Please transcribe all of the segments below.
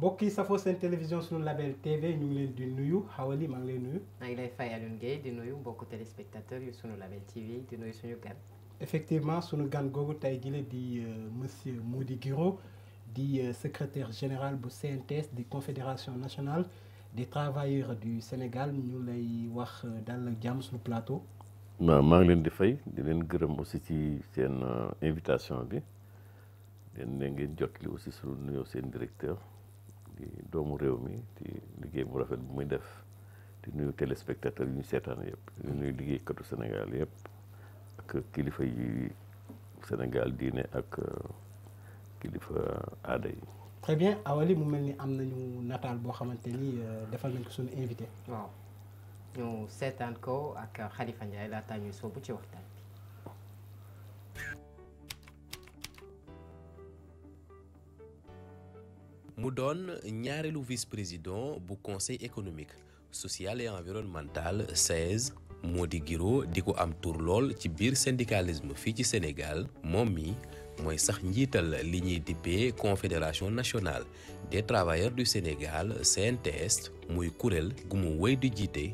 mbokk yi safoo seen télévision suñu label TV ñu ngi leen di nuyu xawali maa ngi lay nuyu. maa ngi lay fay Alioune Gueye di nuyu mbokku téléspectateurs yu suñu label TV di nuyu suñu gan. effectivement suñu gan googu tey jii di euh, monsieur Mody Guiro di euh, secretaire général bu CNTS di confédération nationale des travailleurs du Sénégal ñu lay wax euh, daal la jàmm suñu plateau. maa ngi leen di fay di leen gërëm aussi si seen invitation bi leen ne ngeen jot li aussi suñu seen directeur. doomu réew mi ci liggéey bu rafet bu muy def di nuyu téléspectateur yu ñu seetaan yëpp di nuyu liggéeykatu Sénégal yëpp ak kilifa yi Sénégal diine ak euh, kilifa aada yi. très bien Awali mu mel ni am nañu nataal boo xamante ni euh, defal nañ ko suñu invité. waaw ñu seetaan ko ak Khalifa Ndiaye laataa ñuy soobu ci waxtaan. mu doon ñaareelu vice-président bu conseil économique social et environnemental moo di Guiro di ko am tur lool ci biir syndicalisme fii ci Sénégal moom mi mooy sax njiital li ñuy dippee confédération nationale des travailleurs du Sénégal CNTS muy kuréel gu mu wéy di jiite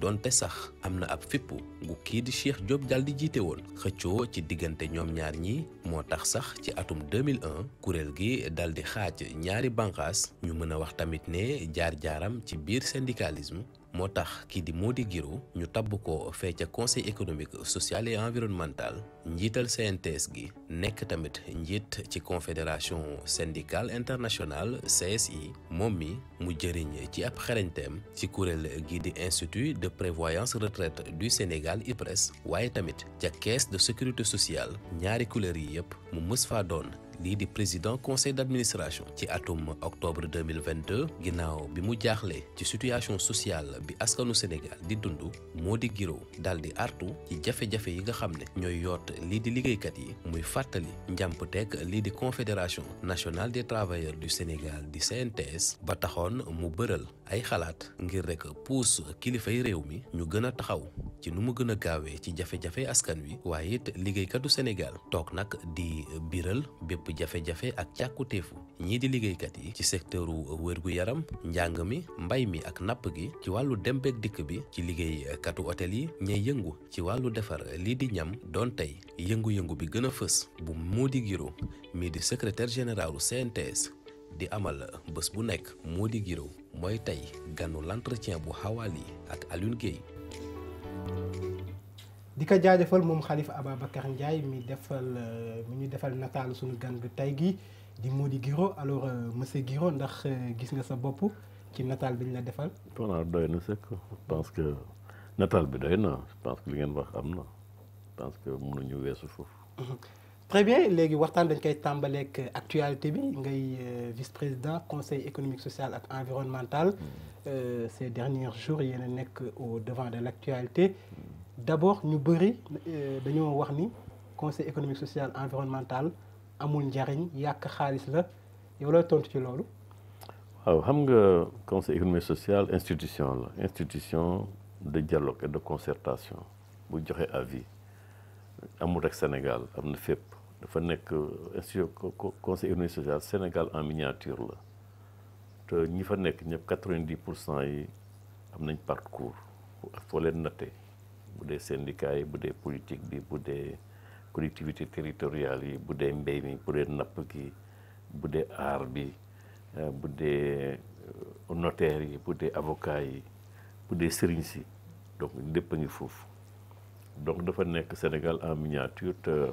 donte sax am na ab fippu gu kii di Cheikh Diop dal di jiite woon xëccoo ci diggante ñoom ñaar ñi moo tax sax ci atum 2001 kuréel gi dal di xaaj ñaari bànqaas ñu mën a wax tamit ne jaar-jaaram ci biir syndicalisme moo tax kii di moo di Guiro ñu tabb ko fee ca conseil économique social et environnemental njiital CNTS gi nekk tamit njiit ci confédération syndicale internationale CSI moom mi mu jëriñ ci ab xarañteem ci kuréel gii di institut de prévoyance retraite du Sénégal IPRES waaye tamit ca caisse de sécurité sociale ñaari couleur yi yëpp mu mës faa doon lii di président conseil d'administration ci atum octobre 2022 ginnaaw bi mu jaaxle ci situation sociale bi askanu Sénégal di dund moo di Guiro dal di artu ci jafe-jafe yi nga xam ne ñooy yoot lii di liggéeykat yi muy fàttali njàmp teg lii di confédération nationale des travailleurs du Sénégal di CNTS ba taxoon mu bëral ay xalaat ngir rek puus kilifay réew mi ñu gën a taxaw ci nu mu gën a gaawee ci jafe-jafe askan wi waaye it liggéeykatu Sénégal toog nag di biral bépp lépp jafe-jafe ak càkkutéefu ñii di liggéeykat yi ci secteur wér-gu-yaram njàng mi mbay mi ak napp gi ci wàllu dem dikk bi ci liggéeykatu hôtel yi ñay yëngu ci wàllu defar lii di ñam doon tey yëngu-yëngu bi gën a fës bu di Guiro mi di secretaire secrétaire généralu CNTS di amal bés bu nekk di Guiro mooy tey ganu l'entretien bu Hawaali ak Alioune Guèye di ko jaajëfal moom Khalifa Ababacar Ndiaye mi defal mu ñu defal nataal suñu gan bi tey gii di moo di Guiro alors euh, monsieur giro ndax euh, gis nga sa bopp ci nataal bi ñu la defal. voilà ah, doy nataal bi doy na je pense li ngeen wax am na je pense que mënuñu weesu foofu. Mhm. très bien léegi waxtaan dañ koy tàmbaleek actualité bi ngay euh, vice président conseil économique social ak environnemental. Mhm. ces derniers jours yéen a nekk au devant de l' actualité. Mhm. d'abord ñu bëri eh, dañoo wax ni conseil économique social environnemental amul njariñ yàq xaalis la yow looy tontu ci loolu. waaw xam nga conseil économique sociale institution la institution de dialogue et de concertation bu joxe avis amul rek Sénégal am na fépp dafa nekk euh, institution conseil économique social Sénégal en miniature la te ñi fa nekk ñëpp quatre vingt pour cent yi am nañ parcours foo leen nattee. bu dee syndicat yi bu dee politique bi bu dee collectivité territoriale yi bu dee mbéy mi bu napp gi bu dee aar bi euh, bu dee euh, notaire yi bu dee avocat yi bu dee sëriñ si donc lépp a ngi foofu donc dafa nekk Sénégal en miniature te euh,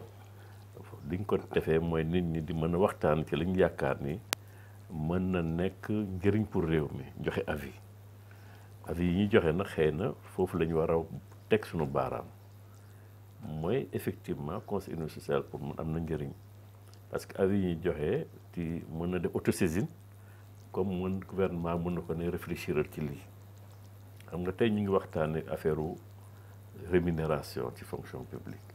li ñu ko defee mooy nit ñi di mën a waxtaan ci li ñu yaakaar ni mën na nekk njëriñ pour réew mi joxe avis avis yi ñuy joxe nag xëy na foofu la ñu war a teg sunu baaraam mooy effectivement conseil économique social pour man am na njëriñ parce que avis joxe ci mën na def autosaisine comme mën gouvernement mën na ko ne réfléchiral ci lii xam nga tey ñu ngi waxtaanee affaire rémunération ci fonction publique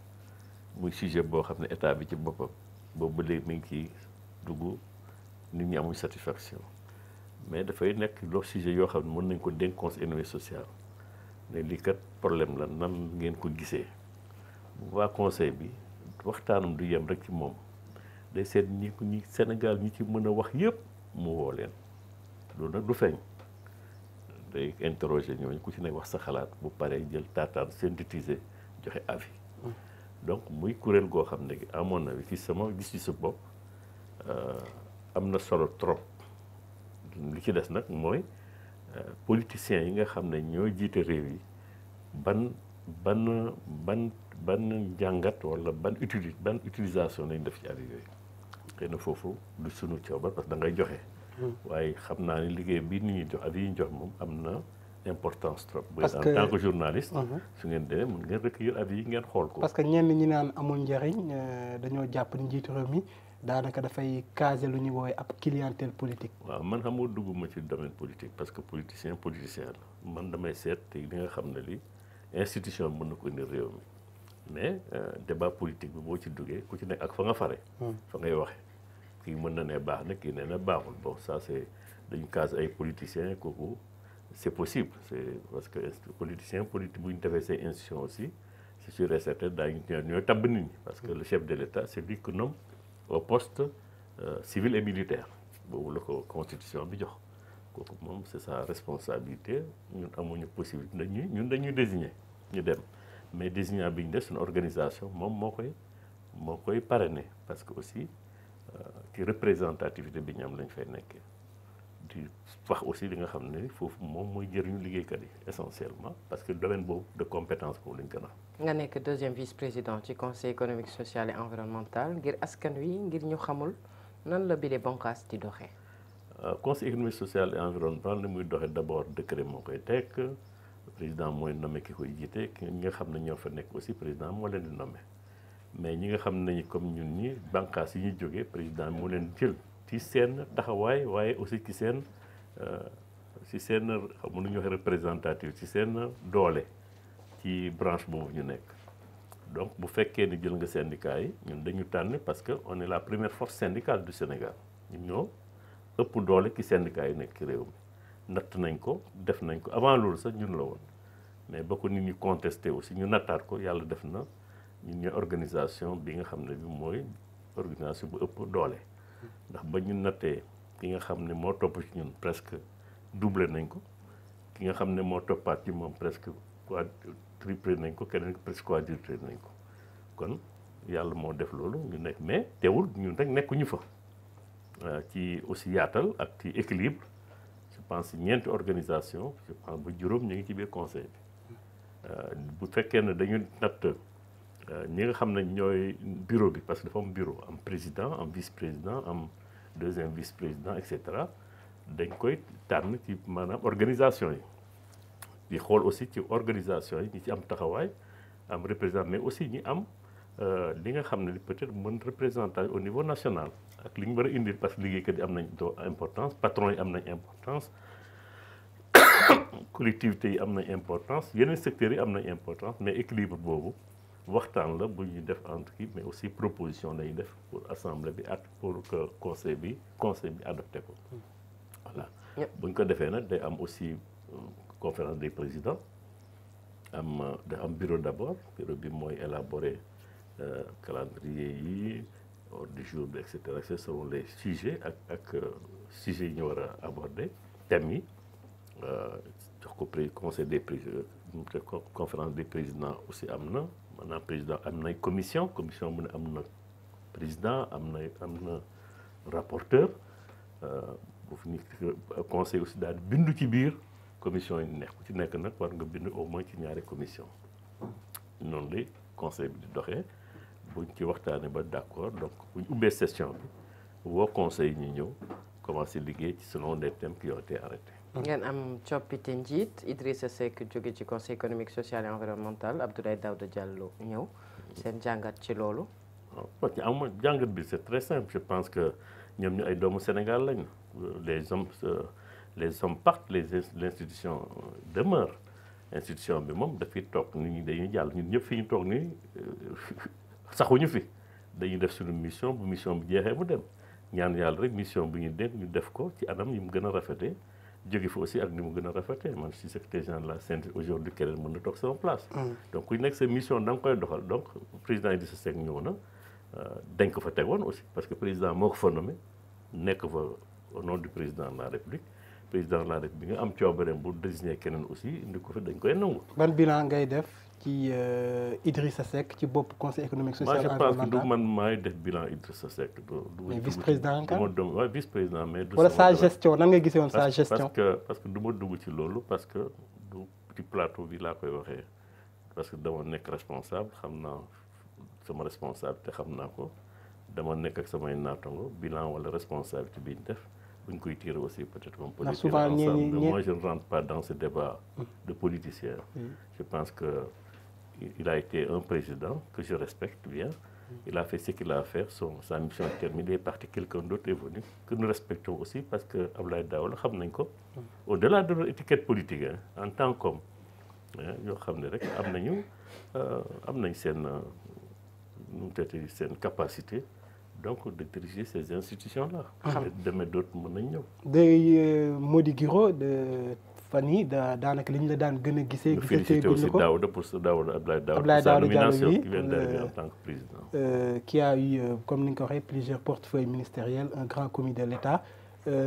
muy sujet boo xam ne état bi ci boppam boobu ba léegi mi ngi ciy dugg nit ñi amuñ satisfaction mais dafay nekk loo sujet yoo xam ne mën nañ ko dénk conseil économique social. ne lii kat problème la nan ngeen ko gisee waa conseil bi waxtaanam du yem rek ci moom day seet ñi ñi Sénégal ñi ci mën a wax yëpp mu woo leen loolu nag du feeñ day interroger ñooñu ku ci ne wax sa xalaat bu paree jël taataan synthétiser joxe avis donc muy kuréel goo xam ne amoon na avis ci sama gis-gisu bopp euh, am na solo trop li ci des nag mooy. politiciens yi nga xam ne ñoo jiite réew yi ban ban ban ban njàngat wala ban utili ban utilisation lañ def ci at yooyu xëy na foofu du suñu coobar parce que da ngay joxe. Hmm. waaye xam naa ne liggéey bii ni ñuy jox at yi ñu jox moom am na importance trop. parce que en tant que journaliste. Uh-huh. su ngeen demee mun ngeen recueillir at yi ngeen xool ko. parce que ñenn ñi naan amul njariñ euh, dañoo jàpp ni njiitu réew mi. daanaka dafay caser lu ñuy woowee ab clientèle politique. waaw man xam nga dugguma ci domaine politique parce que politicien politicien man damay seet te li nga xam ne li institution mën na ko indi réew mi mais euh, débat politique bi boo ci duggee ku ci nekk ak fa nga fare. Hmm. fa ngay waxee kii mën na ne baax na kii ne na baaxul bon ça c' est dañu case ay politiciens kooku c' est possible c' est parce que politicien politique bu ñu defee seen institution aussi c' est sûr et certain daañu ñooy tabb parce que hmm. le chef de l' état c' est au poste euh, civil et militaire boobu la ko constitution bi jox kooku moom c'est sa responsabilité ñun amuñu possibilité dañuy ñun dañuy désigner ñu dem mais désignant bi ñu def suñu organisation moom moo koy moo koy parene parce que aussi euh, ci représentativité bi ñam am lañ fay nekkee di wax aussi li nga xam ne foofu moom mooy jëriñu liggéeykat yi essentiellement parce que domaine boobu de compétence boobu lañ gën a nga nekk deuxième vice-président ci conseil économique social et environnemental ngir askan wi ngir ñu xamul nan la bile bànqaas di doxee. Euh, conseil économique sociale et environnemental ni muy doxee d' abord décret moo koy teg président mooy nommé ki koy jiite ki nga xam ne ñoo fa nekk aussi président moo leen di mais ñi nga xam ne comme ñun ñi bànqaas yi ñu jógee président moo leen jël. ci seen taxawaay waaye aussi ci seen si euh, seen xam nu ñu wax représentative ci seen doole ci branche boobu ñu nekk donc bu fekkee ni jël nga syndicat ñun dañu tànn parce que on est la première force syndicale du Sénégal ñu ñoo ëpp doole ci syndicat yi nekk réew mi natt nañ ko def nañ ko avant loolu sax ñun la woon mais ba ko nit ñi contesté aussi ñu nattaat ko yàlla def na ñun ñu organisation bi nga xam ne bi mooy organisation bu ëpp doole ndax ba ñu nattee ki nga xam ne moo topp ci ñun presque doublé nañ ko ki nga xam ne moo toppaat ci moom presque quoi triplé nañ ko keneen presque quadruplé nañ ko kon yàlla moo def loolu ñu nekk mais teewul ñun rek nekkuñu fa euh, ci aussi yaatal ak ci équilibre je pense ñeenti organisation je pense ba juróom ñu ngi ci biir conseil bi euh, bu fekkee ne dañu natt Euh, ñi nga xam nañ ñooy bureau bi parce que dafa am bureau am président am vice président am deuxième vice président et cetera dañ koy tànn ci maanaam organisation yi di xool aussi ci organisation yi ñu ci am taxawaay am représentant mais aussi ñi am euh, li nga xam ne peut-être mën représentant au niveau national ak li ñu war a indil parce que liggéey liggéeykat yi am nañ doo importance patron yi am nañ importance collectivités yi am nañ importance yeneen secteurs yi am nañ importance mais équilibre boobu waxtaan la bu ñuy def entre kii mais aussi proposition lay def pour assemblée bi ak pour que conseil bi conseil bi adopté ko hmm. voilà bu ñu ko defee nag day am aussi euh, conférence des président am euh, da am bureau d'abord bureau bi mooy élaborer euh, calendrier yi ordre du jour bi et cetera ce les sujets ak ak sujets yi ñu war a aborder thèmes yi jox ko conseil des présidents conférence des présidents aussi am na maanaam président am nay commission commission mu ne am na président am na am na rapporteur euh, bu fi ni conseil aussi daal bindu ci biir commission yi nekk ku ci nekk nag war nga bind au moins ci ñaari commission noonu lay conseil bi di doxee buñ ci waxtaanee ba d'accord donc buñ ubbee session bi woo conseil ñu ñëw commencer liggéey ci selon les thèmes qui ont été arrêtés ngeen am coppite njiit Idrissa Seck joge ci conseil économique social et environnemental Abdoulaye Daouda Diallo ñëw seen jàngat ci loolu. waaw am jàngat bi c'est très simple je pense que ñoom ñu ay doomu Sénégal lañ les hommes euh, les hommes partent les l'institution demeure institution bi moom dafay toog nit ñi dañuy jàll ñu ñëpp fi ñu toog ni euh, saxuñu fi dañuy def su suñu mission bu mission bu jeexee bu dem ñaan yàll rek mission bu ñu dénk ñu def ko ci anam yi mu gën a rafetee. jóge fa aussi ak ni mu gën a rafetee man si secrétaire général de la CNTS aujourd'hui keneen mën na toog sama place. Mm. donc ku nekk sa mission da koy doxal donc président Idrissa Seck ñëw na euh, dañ ko fa tegoon aussi parce que président moo ko fa nommé nekk fa au nom du président de la république président de la république nga am coobareem bu désigné keneen aussi indi ko fa dañ koy nangu. ban bilan ngay def. ci euh, Idrissa Seck ci bopp conseil économique social environnemental. moi je man maay def bilan Idrissa Seck. mais vice président kan du président mais. du wala sa gestion nan nga gisee woon sa parce que du dugg ci loolu parce que du ci bi laa koy waxee parce que dama nekk responsable xam naa sama responsable te xam naa ko dama nekk ak samay naatango bi ñu def. buñ koy tirer aussi peut-être comme politique ensemble mais moi je ne rentre pas dans ce débat mm. de politicien mm. je pense que il a été un président que je respecte bien. Il a fait ce qu'il a à faire, son, sa mission est terminée, il est parti, que nous respectons aussi parce que Abdoulaye Daouda xam nañ ko. Au-delà de leur politique en tant qu'homme yoo xam ne rek am nañu euh, am nañ sen euh, nu seen capacité donc de diriger ces institutions là. xam ah. nga demee d'autres mën nañ de euh, Mody Guiro fan yii daanaka li ñu la daan gën a gisee. gisee félicité aussi Daouda pour Daouda Abdoulaye Daouda sa nomination qui vient d'arriver euh, en tant euh, eu euh, comme ni ñu ko waxee plusieurs portefeuilles ministériels un grand commis de l'État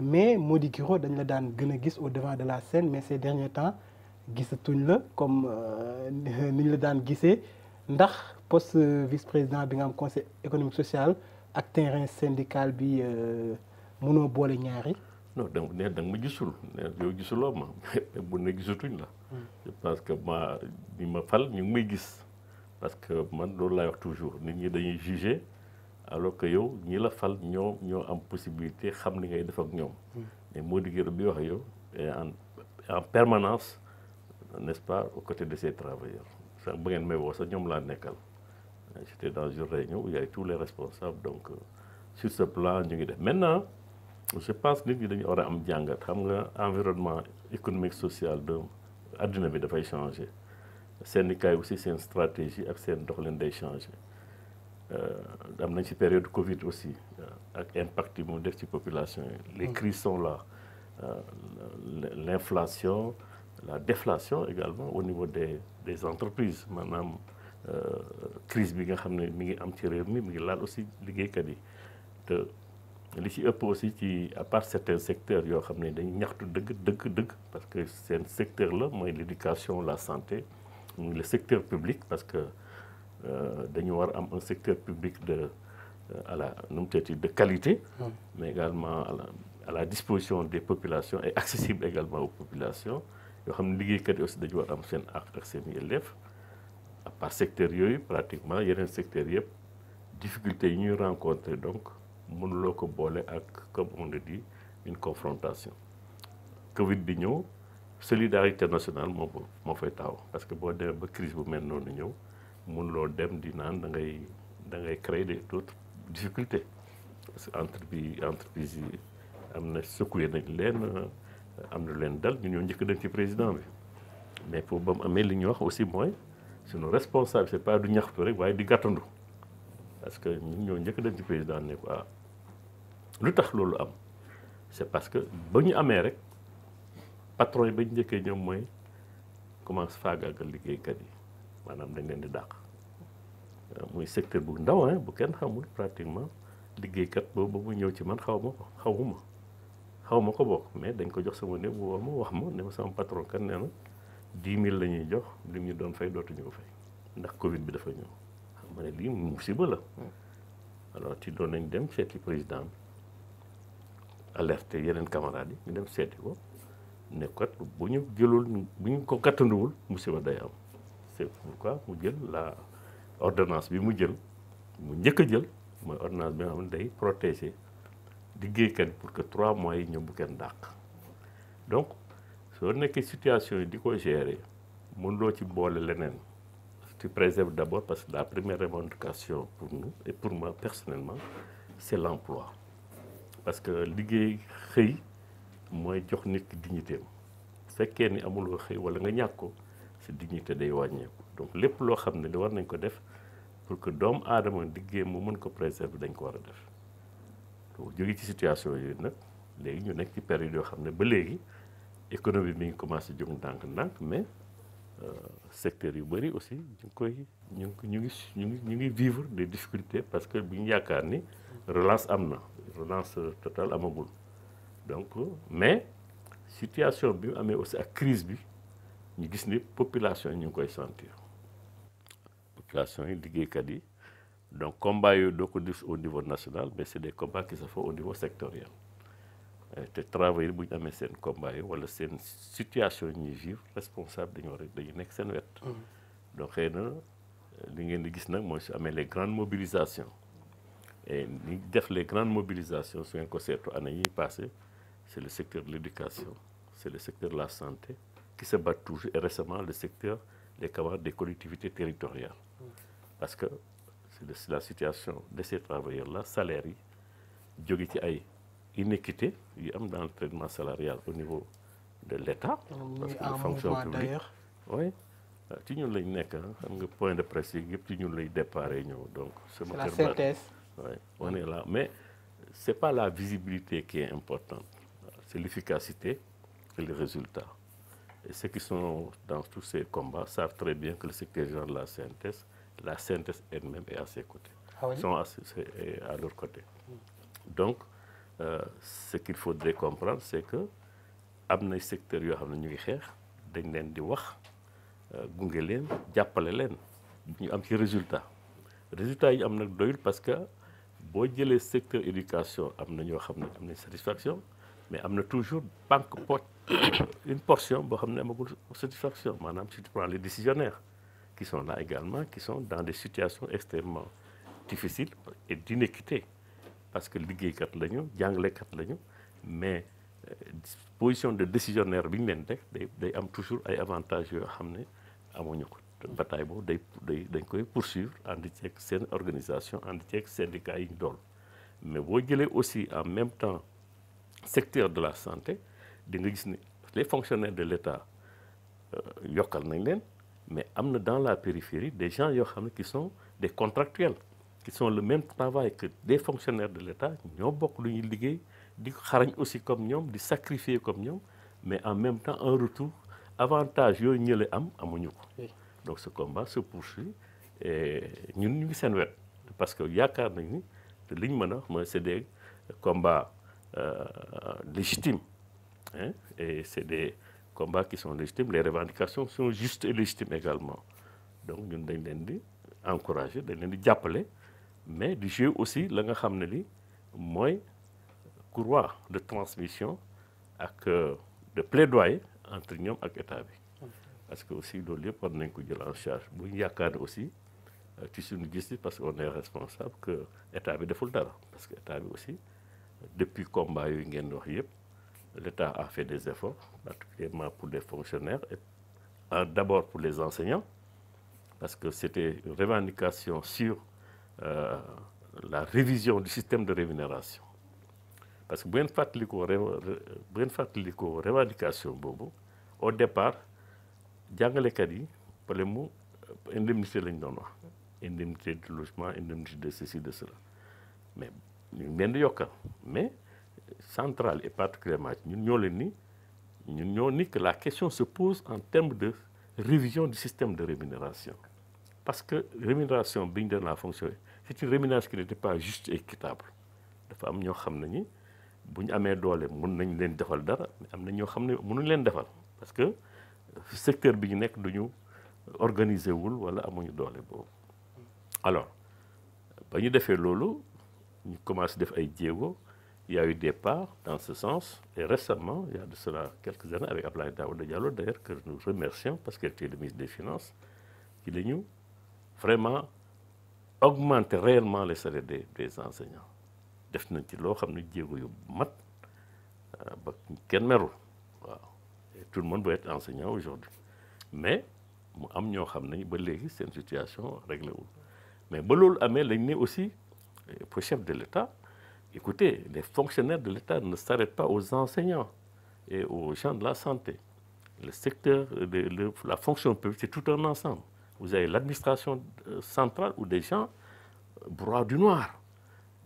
mais Mody Guiro dañ la daan gën a gis au devant de la scène mais ces derniers temps gisatuñ la comme ni ñu la daan gisee ndax poste vice-président bi nga am conseil économique sociale ak terrain syndical bi mënoo boole ñaari. non donc nee da nga ma gisul nee yow gisuloo ma bu ne gisatuñ la. je hmm. pense que ma ni ma fal ñu ngi gis parce que man loolu laay wax toujours nit ñi dañuy juger alors que yow ñi la fal ñoo ñoo am possibilité xam li ngay def ak ñoom. Hmm. mais moo di bi wax yow en en permanence n'est-ce pas aux côtés de ces travailleurs sax bu ngeen may woo sax ñoom laa nekkal j'étais dans une réunion où il y avait les responsables donc euh, sur ce plan ñu ngi def maintenant. je pense nit ñi dañu war am jàngat xam nga environnement économique social de adduna bi dafay changer syndicat yi aussi seen stratégie ak seen doxalin day changer euh, am nañ ci période Covid aussi euh, ak impact yi mu def ci population yi. les mm. crises sont là euh, l'inflation la déflation également au niveau des des entreprises maanaam crise bi nga xam ne mi ngi am ci réew mi mi ngi laal aussi liggéeykat yi te. li ci ëpp aussi ci à part certains secteurs yoo xam ne dañ ñaxtu dëgg dëgg dëgg parce que seen secteur la mooy l'éducation la santé le secteur public parce que euh, dañu war am un secteur public de euh, à la nu de qualité hmm. mais à la à la disposition des populations et accessible également aux yoo xam ne liggéeykat yi aussi dañu war am seen ak ak seen yelleef à part secteur yooyu pratiquement yeneen secteur yëpp difficultés yi ñuy rencontrer donc mënuloo ko boole ak comme on le une confrontation Covid bi ñëw solidarité national moo ko moo fay taxaw parce que boo demee ba crise bu mel noonu ñëw mënuloo dem di naan da ngay da ngay créer des d'autres difficultés parce que bi entreprise yi am na secoué nañ leen am na leen dal ñu ñoo njëkk dem ci président bi mais pour ba mu amee li ñuy wax aussi mooy suñu responsable c'est pas du ñaxtu rek waaye di gàttandu parce que ñun ñoo njëkk dem ci président ne ko ah lu tax loolu am c'est parce que ba ñu amee rek patron yi ba ñu njëkkee ñoom mooy commence faagaagal liggéeykat yi maanaam dañ leen di dàq euh, mooy secteur bu ndaw hein bu kenn xamul pratiquement liggéeykat boobu ba mu ñëw ci man xaw ma ko xawuma xaw ma ko bokk mais dañ ko jox sama néew woo ma wax ma ne ma sama patron kan nee na dix mille la ñuy jox li ñu doon fay dootuñu ko fay ndax Covid bi dafa ñëw xam nga ne lii musiba la hmm. alors ci doon nañ dem seeti président bi alerte yeneen camarades yi ñu dem seeti ko ne ko bu ñu jëlul bu ñu ko kattanduwul musiba day am c'est pourquoi mu jël la ordonnance bi mu jël mu njëkk a jël mooy ordonnance bi nga xam ne day protéger liggéeykat yi pour que trois mois yi ñoom bu kenn dàq donc soo nekkee situation yi di ko gérer mënuloo ci boole leneen tu préserves d'abord parce que la première revendication pour nous et pour moi personnellement c'est l'emploi parce que liggéey xëy mooy jox nit ki dignité fekkee ni amuloo xëy wala nga ñàkk ko si dignité day wàññeeku donc lépp loo xam ne li war nañ ko def pour que doomu aadama liggéey mu mën ko préserver dañ ko war a def donc jóge ci situation yooyu nag léegi ñu nekk ci période yoo xam ne ba léegi économie mi ngi commencé jóg ndànk-ndànk mais euh, secteur yu bëri aussi ñu ngi koy ñu ngi ñu ngi ñu ngi vivre de difficultés parce que bi ñu yaakaar ni relance am na. indépendance totale amagul donc mais situation bi amee aussi ak crise bi ñu gis ni population yi ngi koy sentir population yi liggéeykat yi donc combat yooyu doo ko gis au niveau national mais c'est des combats qui se font au niveau te travailleurs buñ amee seen combat yi wala seen situation yi ñuy vivre responsable dañu war a dañu nekk seen wet mm. donc xëy na li ngeen di gis nag mooy si amee les grandes mobilisations et ni def les grandes mobilisations su ngeen ko seetu année yi passé c' le secteur de l'éducation c' le secteur de la santé qui se bat toujours et récemment le secteur des camarades des parce que c'est la situation de ces travailleurs là salaires yi jóge ci ay inéquité yi am dans le traitement salarial au niveau de l'État parce que fonction publique oui ah, ci ñu lañ nekk ah, xam nga point de presse yi yëpp ci ñun lay départ ñëw donc ce matin Oui, on Mais ce pas la visibilité qui est importante, c'est l'efficacité et les résultats. Et ceux qui sont dans tous ces combats savent très bien que le secteur général la CNTS, la CNTS elle-même est à ses côtés. Ah oui? Ils à, à, côté. Donc, euh, ce qu'il faudrait comprendre, c'est que am na secteur yoo xam ne ñu ngi xeex dañ leen di wax euh, gunge leen jàppale leen ñu am ci résultat résultat yi am nag doyul parce que boo jëlee secteur éducation am na ñoo xam ne am nañ satisfaction mais am na toujours banque pot une portion boo xam ne amagul satisfaction maanaam si tu prends les décisionnaires qui sont là également qui sont dans des situations extrêmement difficiles et d'inéquité parce que liggéeykat la ñu jàngalekat la ñu mais euh, position de décisionnaire bi ñu leen teg day am toujours ay avantages yoo xam ne amuñu ko bataille boobu day day dañ koy poursuivre ànd ceeg seen organisation ànd ceeg syndicat yi ñu dool mais boo jëlee aussi en même temps secteur de la santé di nga gis ni les fonctionnaires de l'État euh, yokkal nañ leen mais am na dans la périphérie des gens yoo xam ne qui sont des contractuels qui sont le même travail que des fonctionnaires de l'État ñoo bokk lu ñu liggéey di xarañ aussi comme ñoom di sacrifier comme ñoom mais en même temps un retour avantage yooyu ñële am amuñu ko donc ce combat se poursuit et ñun ñu ngi seen wet parce que yaakaar nañ ni te liñ mën a wax mooy c'est de combats euh, légitimes hein et c'est des combats qui sont légitimes les revendications sont justes et légitimes également donc ñun dañ leen di encourager de leen di jàppale mais di jouer aussi la nga xam ne li mooy courroie de transmission ak euh, de plaidoyer entre ñoom ak état bi parce que aussi loolu yëpp war nañ ko jël en charge bu ñu yaakaar ne aussi euh, ci suñu gis parce que on est responsable que état bi deful tara parce que état bi aussi depuis combat yooyu ngeen wax yëpp l' état a fait des efforts particulièrement pour les fonctionnaires et d' abord pour les enseignants parce que c' était une revendication sur euh, la révision du système de rémunération parce que bu fàttalikoo bu fàttalikoo revendication boobu au départ jàngalekat yi pale mu indemnité lañ doon wax indemnité de logement indemnité de ceci de cela mais ñu ngi leen di yokkal mais centrale ñun ñoo leen nii ñun ñoo ni la question se pose en termes de révision du système de rémunération parce que rémunération bi ñu doon la fonction c'est une rémunération qui n'était pas juste et équitable dafa am ñoo xam ne ñi bu ñu amee doolee mun nañ leen defal dara am na ñoo xam ne mënuñ leen defal secteur bi ñu nekk duñu organiser wul wala amuñu doole boobu alors ba ñu defee loolu ñu commencé def ay jéego y eu des pas dans ce sens et récemment il de cela quelques années avec Abdoulaye Daouda Diallo d'ailleurs que nous remercions parce que était le ministre des finances ci la ñu vraiment augmenter réellement les salaires des des enseignants def nañ ci loo xam ne jéego yu mat euh, ba kenn merul tout le monde veut être enseignant aujourd'hui mais mu am ñoo xam ne ba léegi seen situation réglé wul mais ba loolu amee lañ ne aussi eh, pour chef de l'État écoutez les fonctionnaires de l'État ne s'arrêtent pas aux enseignants et aux gens de la santé le secteurs le, la fonction publique c'est tout un ensemble vous avez l'administration euh, centrale ou des gens euh, broie du noir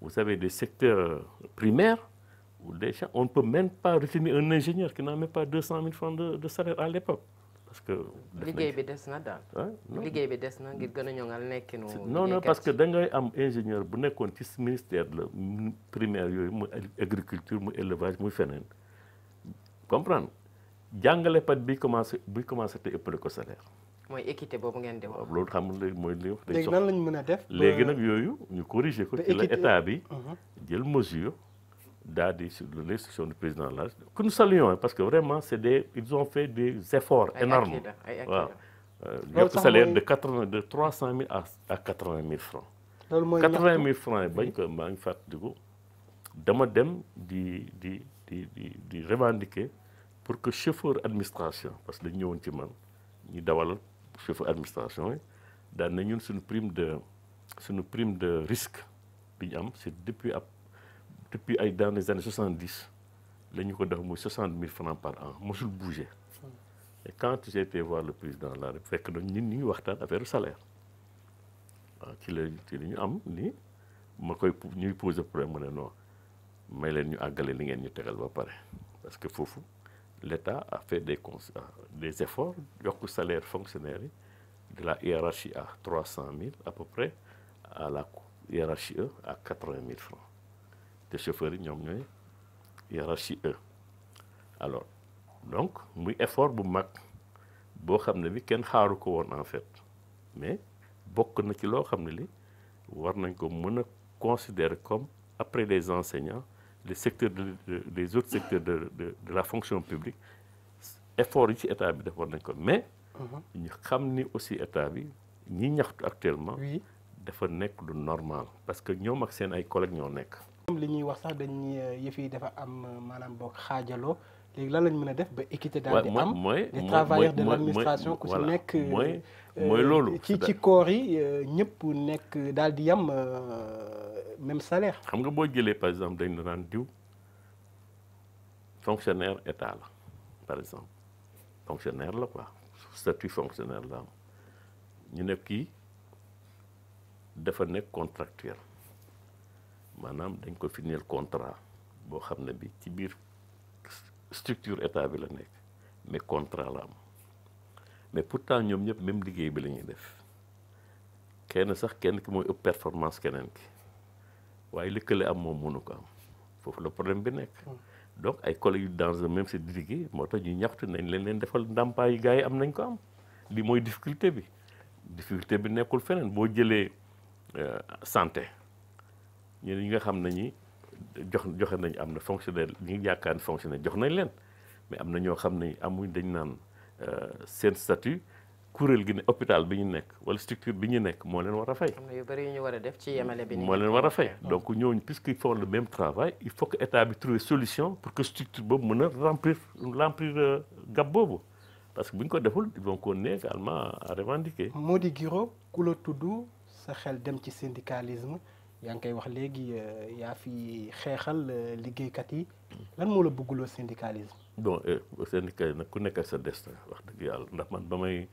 vous avez des secteurs primaires déjà, on ne peut même pas de, salaire à l'époque. parce que liggéey bi des na daal. liggéey bi des na ngir gën a ñoŋal nekkinu. no non parce que da ngay am ingénieur bu nekkoon ci ministère la primaire yooyu muy agriculture muy élevage muy feneen comprendre jàngalekat bi commencé bi commencé te ëpp ëppale ko salaire. mooy équité boobu ngeen di wax. waaw loolu xam mooy li wax. léegi nan mën a def léegi nag yooyu ñu corriger ko. ci la état bi uh-huh. jël mesure. Dadi, sur le l'instruction du président là, que nous saluons, parce que vraiment, des, ils ont fait des efforts énormes. Voilà. Euh, notre salaire de, 80, de 300 000 à, à 80 000 francs. 80 000 francs, bañ ko maa ngi ko dama dem di di di di revendiquer pour que chauffeur administration parce que dañ ñëwoon ci man ñu dawal chauffeur administration yi daan na ñun suñu prime de suñu prime de risque bi ñu am c'est depuis ap depuis ay dans les années soixante la ñu ko def muy soixante mille francs par an mosul bouger et quand j'ai été voir le président la République fekk na ñun ñu ngi waxtaan affaire salaire waaw ci la ci la ñu am ni ma koy ñuy poser problème mu ne non may leen ñu àggale li ngeen ñu tegal ba pare parce que foofu l'État a fait des conse des efforts yokk salaire fonctionnaire yi de la hiérarchie A trois cent mille à peu près à la hiérarchie E à quatre-vingt mille francs te chauffeurs yi ñoom ñooy hiérarchie E alors donc muy effort bu mag boo xam ne bi kenn xaaru ko woon en fait mais bokk na ci loo xam ne li war nañ ko mën a considérer comme après les enseignants les secteurs de les autres secteurs de de de la fonction publique effort yi ci état bi def war nañ ko mais. Uh-huh. xam ni aussi état bi ñi ñaxtu actuellement. dafa nekk lu normal parce que ñoom ak seen ay collègues ñoo nekk. li ñuy wax sax dañ euh, yëf yi dafa am euh, maanaam boog xaajaloo léegi lan lañ mën a def ba équité daal di am les travailleurs de l'administration ku euh, mooy loolu ci ci koor yi ñëpp nekk daal di yam même salaire xam nga boo jëlee par exemple dañ naan diw fonctionnaire état la par exemple fonctionnaire la quoi statut fonctionnaire la ñu ne kii dafa nekk contractuel maanaam dañ ko finir contrat boo xam ne bi ci biir structure état bi la nekk mais contrat la am mais pour pourtant ñoom ñëpp même liggéey bi la def kenn sax kenn ki mooy ëpp performance keneen ki waaye lëkkale am moom mënu ko am foofu la problème bi nekk. Hmm. donc ay collègues dans le même site di moo tax ñu ñaxtu nañ leen leen defal ndàmpaay yu gars yi am nañ ko am li mooy difficulté bi difficulté bi nekkul feneen boo jëlee euh, santé. ñu ñi nga xam ne ñi jox joxe nañ am na ñu ñi yaakaar fonctionnaire jox nañ leen mais am na ñoo xam ne amuñ dañ naan euh, seen statut kuréel gi ne hôpital bi ñu nekk wala structure bi ñu nekk moo leen war a fay. am na yu ñu war a def ci yemale leen war a fay donc ñooñu puisqu'ils font le même travail il faut que état bi trouver solution pour que structure boobu mën a remplir remplir euh, gap boobu parce que bu ñu ko deful ils vont continuer également à revendiquer. moo di giro ku la tudd sa xel dem ci syndicalisme. yaa ngi koy wax léegi euh, yaa fi xeexal euh, liggéeykat yi lan moo la bëggloo syndicalisme. bon eh, syndicalisme nag ku nekk sa destin wax dëgg yàlla ndax man ba may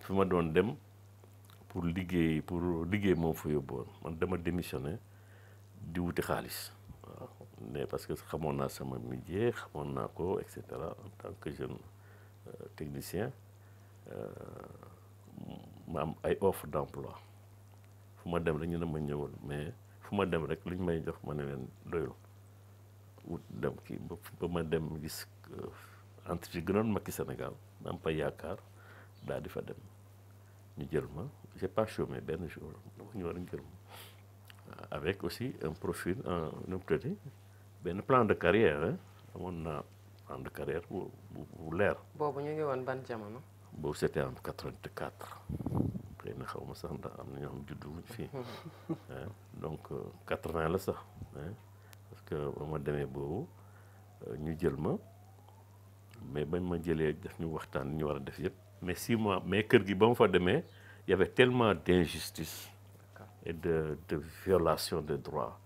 fi ma doon dem pour liggéey pour liggéey moom fa yóbboon man dama démissionné di wuti xaalis waaw mais parce que xamoon naa sama métier xamoon naa ko et cetera en tant que jeune euh, technicien ma am ay offre d' emploi. fu ma dem rek ñu ne ma ñëwal mais fu ma dem rek lu ñu may jox ma ne leen doyul wut dem kii ba ma dem gis euh, entreprise gënoon makki Sénégal ma am fa yaakaar daal di fa dem ñu jël ma j'ai pas chômé benn jour ñu war a jël ma euh, avec aussi un profil un nu benn plan de carrière amoon naa plan de carrière bu bu leer. boobu ñu ngi woon ban jamono. boobu c'était en 84. na xaw ma sax ndax am na ñoo xam juddu wuñ fii donc euh, quatre-vingt la sax parce que ba ma demee boobu euh, ñu jël ma mais bañ ma jëlee daf ñu waxtaan ñu war a def yëpp mais six mois mais kër gi ba ma fa demee y avait tellement d'injustice et de de violation de droits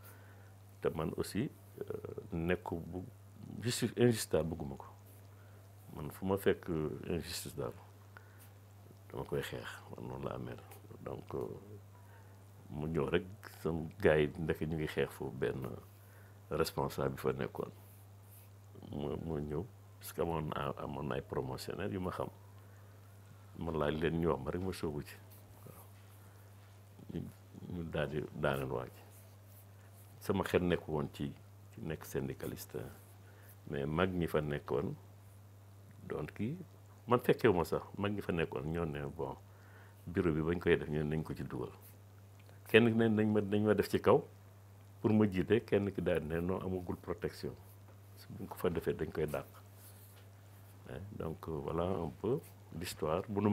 te man aussi euh, nekk bu justice injuste bëgguma ko man fu ma fekk injustice daal dama koy xeex man noonu la amee donc euh, mu ñëw rek sama gars yi ñu ngi xeex foofu benn responsable bi fa nekkoon mu mu ñëw parce que amoon naa amoon na ay promotionnaire yu ma xam man laaj leen ñu wax ma rek ma sóobu ci waaw ñu ñu daal daaneel waa sama xel nekk woon ci ci nekk syndicaliste mais mag ñi fa nekkoon donc kii. man fekkewu ma sax mag ñi fa nekkoon ñoo ne bon bureau bi bañ koy def ñoo nañ ko ci dugal kenn ne nañ ma nañ ma def ci kaw pour ma jiite kenn ki daal ne non amagul protection buñ ko fa defee dañ koy dàq eh, donc voilà un peu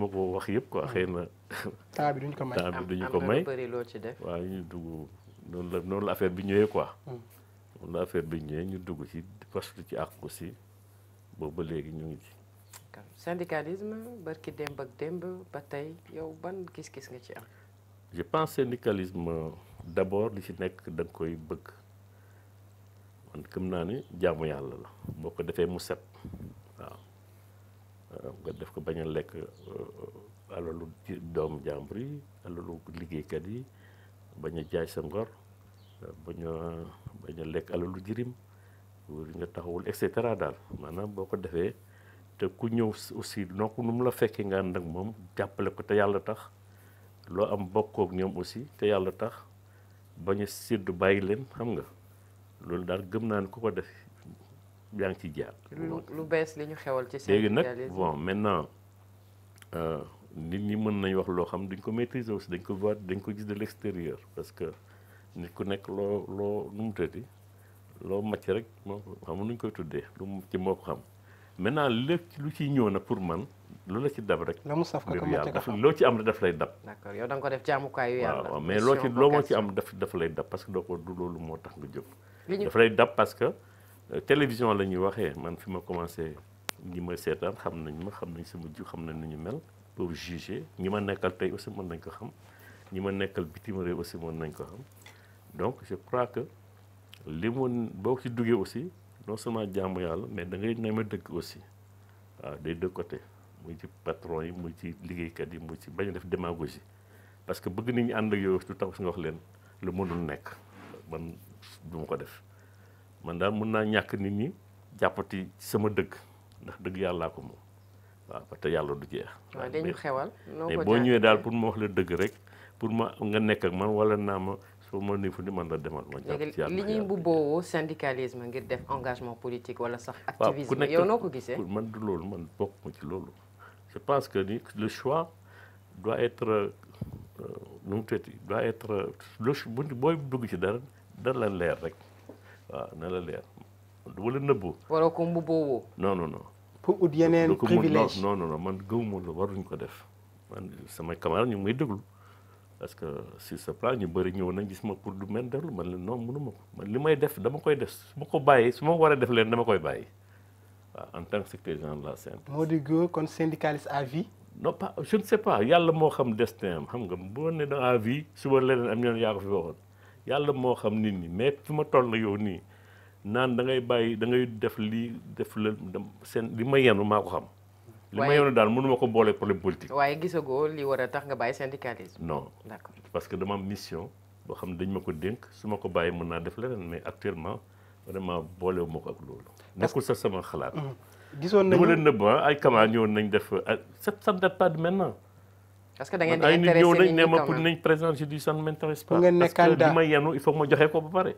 ma ko wax yëpp quoi xëy na. temps bi duñ ko may temps bi loo ci def. waaw ñu dugg noonu la noonu affaire bi ñëwee quoi. Hmm. noonu la affaire bi ñëwee ñu dugg ci parce ci àq aussi boobu ba léegi ñu ngi ci. kanam syndicalisme barki démb ak démb ba tey yow ban gis-gis nga ci am. je pense syndicalisme d'abord li ci nekk da koy bëgg man gëm naa ni jaamu yàlla la boo ko defee mu set waaw euh, nga def ko bañ a lekk euh, alalu doomu jàmbur yi alalu liggéeykat yi bañ a jaay sa ngor bañ a bañ a lekk alalu nga taxawul et cetera daal maanaam boo ko defee. te ku ñëw aussi noo ko nu mu la fekkee nga ànd moom jàppale ko te yàlla tax loo am bokkook ñoom aussi te yàlla tax bañ a bàyyi leen xam nga loolu daal gëm naa ne ku ko def yaa ngi ci jaar. lu bees li ñu xewal ci léegi nag bon maintenant euh, nit ñi mën nañ wax loo xam duñ ko maîtriser aussi dañ ko voir dañ ko gis de l'extérieur parce que nit ku nekk loo loo nu mu tëddi loo màcc rek moo ko xam nuñ koy tuddee lu ci moo ko xam. maintenant lépp lu ciy ñëw na pour man lu la ci dab rek. la mu saf ko yàlla daf loo ci am daf lay dab. d'accord yow da ko def jaamukaayu yàlla. waaw mais loo ci loo moo ci am daf daf lay dab parce que doo ko du loolu moo tax nga jóg. daf lay dab parce que euh, télévision la ñuy waxee man fi ma commencé ñi ma seetaan xam nañ ma xam nañ sama jiw xam nañ nu ñu mel pour juger ñi ma nekkal tey aussi mën nañ ko xam ñi ma nekkal bitim réew aussi mën nañ ko xam donc je crois que li mu boo ci duggee aussi. non sama jaamu yàlla mais da ngay neme dëgg aussi waaw des deux côtés muy ci patron yi muy ci liggéeykat yi muy ci bañ a def démagogie parce que bëgg nit ñi ànd ak yow du tax nga wax leen lu mënul nekk man duma ko def man daal mun naa ñàkk nit ñi jàppati sama dëgg ndax dëgg yàllaa ko moom waaw ba te yàlla du jeex. waaw dañu xewal mais boo ñëwee daal pour ma wax la dëgg rek pour ma nga nekk ak man wala naa ma. soo ma ni mën la demal ma léegi li ñuy mbubboo syndicalisme ngir def engagement politique wala sax activisme yow noo ko gisee man du loolu man bokk ma ci loolu je pense que ni le choix doit être euh, nu mu tuddati doit être le booy dugg ci dara dara la leer rek waaw na la leer du wala nëbbu wala ko mbubboo non non non pour man gëwuma la waruñ ko def man samay camarades ñu may déglu parce que si ce plan ñu bëri ñëw nañ gis ma pour du men dellu man leen non mënu ko man li may def dama koy def su ma ko bàyyi su ma war a def leen dama koy bàyyi waaw en tant que secrétaire général la CNTS. Mody Gueye kon syndicaliste à vie. non pas je ne yàlla moo xam destin xam nga boo ne da à vie suba am ñeneen yaa ko yàlla moo xam nit ñi mais fi ma toll yow nii naan da ngay bàyyi da ngay def lii def la seen li ma yenu maa ko xam. li ma yoonu daal mënuma ko boole problème politique. waaye gisagoo li war a tax nga bàyyi syndicalisme. non parce que dama am mission boo xam ne dañ ma ko dénk su ma ko bàyyi mën naa def leneen mais actuellement vraiment boolewuma ko ak loolu. nekkul sax sama xalaat. Mm-hmm. gisoon nañu dama leen nëbb ah, ay kamaa ñëwoon nañ def ah, ça ça ne date pas de maintenant. parce que da ngeen di intéressé ma pour nañ présent je parce que li ma yenu il faut ma joxe ko ba pare.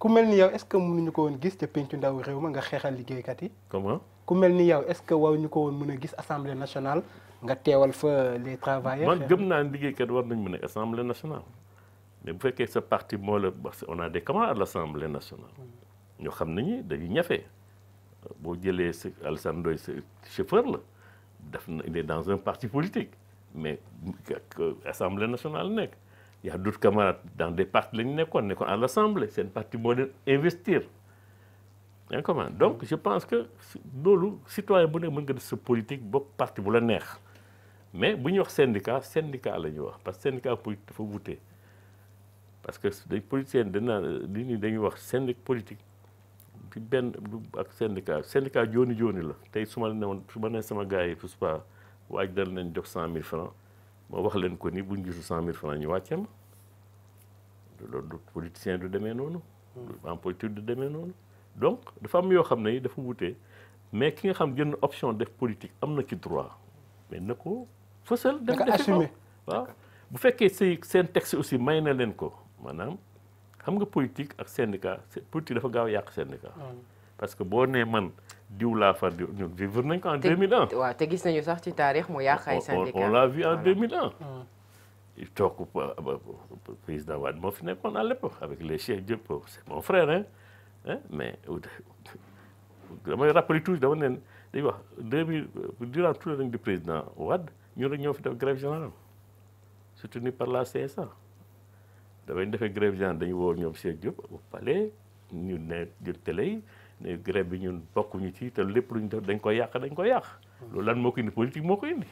ku mel ni yow est-ce que mënuñu ko woon gis te pencu ndaw réew ma nga xeexal liggéeykat yi. comment ku mel ni yow est-ce que ñu ko woon mën a gis assemblée nationale nga teewal fa les travailleurs. man gëm naa liggéey liggéeykat war nañ mu a assemblée nationale. mais bu fekkee sa parti moo la on a des camarades à l'assemblée nationale. ñoo xam ne ñi dañuy ñafe. boo jëlee sa Alassane Ndoye sa la def na il est dans un parti politique mais assemblée nationale nekk y a d'autres camarades dans des partis la ñu nekkoon nekkoon à l'assemblée seen parti moo leen investir. yaa donc je pense que loolu citoyen bu nekk mën nga def sa politique bopp parti bu la neex mais bu ñuy wax syndicat syndicat la ñuy wax parce que syndicat politique dafa wute parce que dañ politicien danaa li ni dañuy wax syndic politique ci benn ak syndicat syndicat jooni jooni la tey su ma ne woon su ma ne sama gars yi tout pas waaj dal nañ jox cent mille francs ma wax leen ko ni buñ gisu cent mille francs ñu wàccam loolu du politicien du demee noonu hmm. en politique du demee noonu donc dafa am yoo xam ne dafa wute mais ki nga xam jënd option def politique am na ci droit mais na ko fësal. dem defi ko waaw bu fekkee say seen texte aussi may na leen ko maanaam xam nga politique ak syndicat politique dafa gaaw yàq syndicat. Ah. parce que boo nee man diw laa far diw ñun vivre nañ ko en 2001. waaw te gis nañu sax ci taarix mu yàq ay syndicat on l'a vu en 2001. Ah. toog président Wade moo fi nekkoon à l'époque avec les chefs Diop c'est mon mais damay rappelé toujours dama ne dañuy wax deux mille durant tout président Wade ñu rek ñoo fi def grève générale ni par la CSA damay defee grève dañu woo ñoom Cheikh Diop au palais ñu ne jël télé yi ne grève bi ñun bokkuñu ci te lépp lu ñu def dañ koy yàq dañ koy yàq loolu lan moo ko indi politique moo ko indi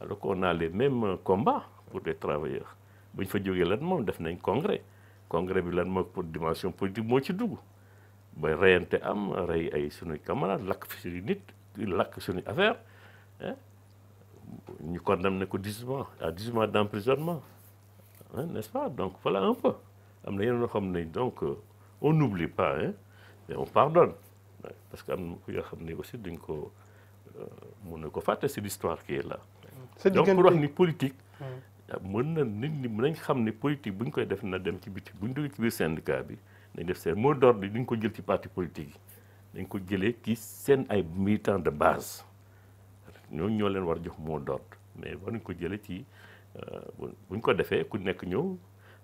alors qu'on a les mêmes combats pour les travailleurs bu ñu fa jógee lan moom def nañ congrès congrès bi lan moo pour dimension politique moo ci dugg ba reyante am rey ay suñuy camarades lakk fi suñuy nit lakk suñuy affaire ñu condamné ko dix mois à dix mois d' emprisonnement n' est ce pas donc voilà un peu am na yeneen yoo xam ne donc euh, on n' oublie pas hein mais on pardonne parce que am na yoo xam ne aussi duñ ko euh, mun na ko fàtte si l'histoire qui est là donc pour wax ni politique mën na nit ñi mën nañ xam ni politique bu ñu koy def na dem ci biti bu ñu duggee ci biir syndicat bi dañ def seen mot d'ordre duñ ko jël ci parti politique yi dañ ko jëlee ci seen ay militants de base ñooñu ñoo leen war jox moo d'ordre mais waruñ ko jëlee ci euh, buñ ko defee ku nekk ñëw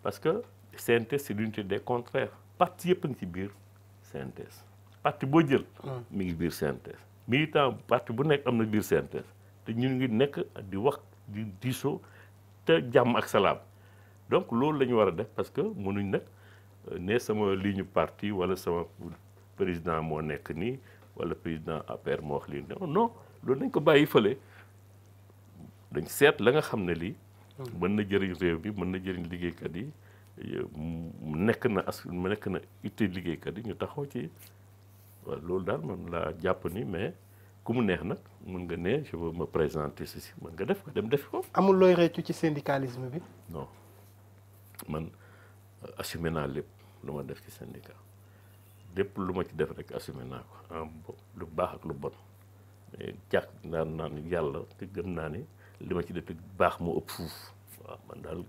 parce que CNTS c'est l'unité de contraires parti yëpp a ngi ci biir CNTS parti boo jël hmm. mi ngi biir CNTS militant parti bu nekk am na biir CNTS te ñu ngi nekk di wax di diisoo te jàmm ak salaam donc loolu la ñu war a def parce que mënuñ nag ne sama ligne parti wala sama président moo nekk nii wala président APR moo wax lii non non loolu nañ ko bàyyi fële dañ seet la nga xam ne lii. mën na jëriñ réew bi mën na jëriñ liggéeykat yi euh, nekk na as nekk na itte liggéeykat yi ñu taxaw ci loolu daal man laa jàpp ni mais. ku mu neex nag mën nga ne je veux me présenter mën nga def ko dem def ko. amul looy réccu ci syndicalisme bi. non assumé naa lépp. lu ma def ci syndicat lépp lu ma ci def rek assumé naa ko lu baax ak lu bon jàkk naan naan yàlla te gëm naa ni li ma ci def baax mu ëpp fuuf waaw man daal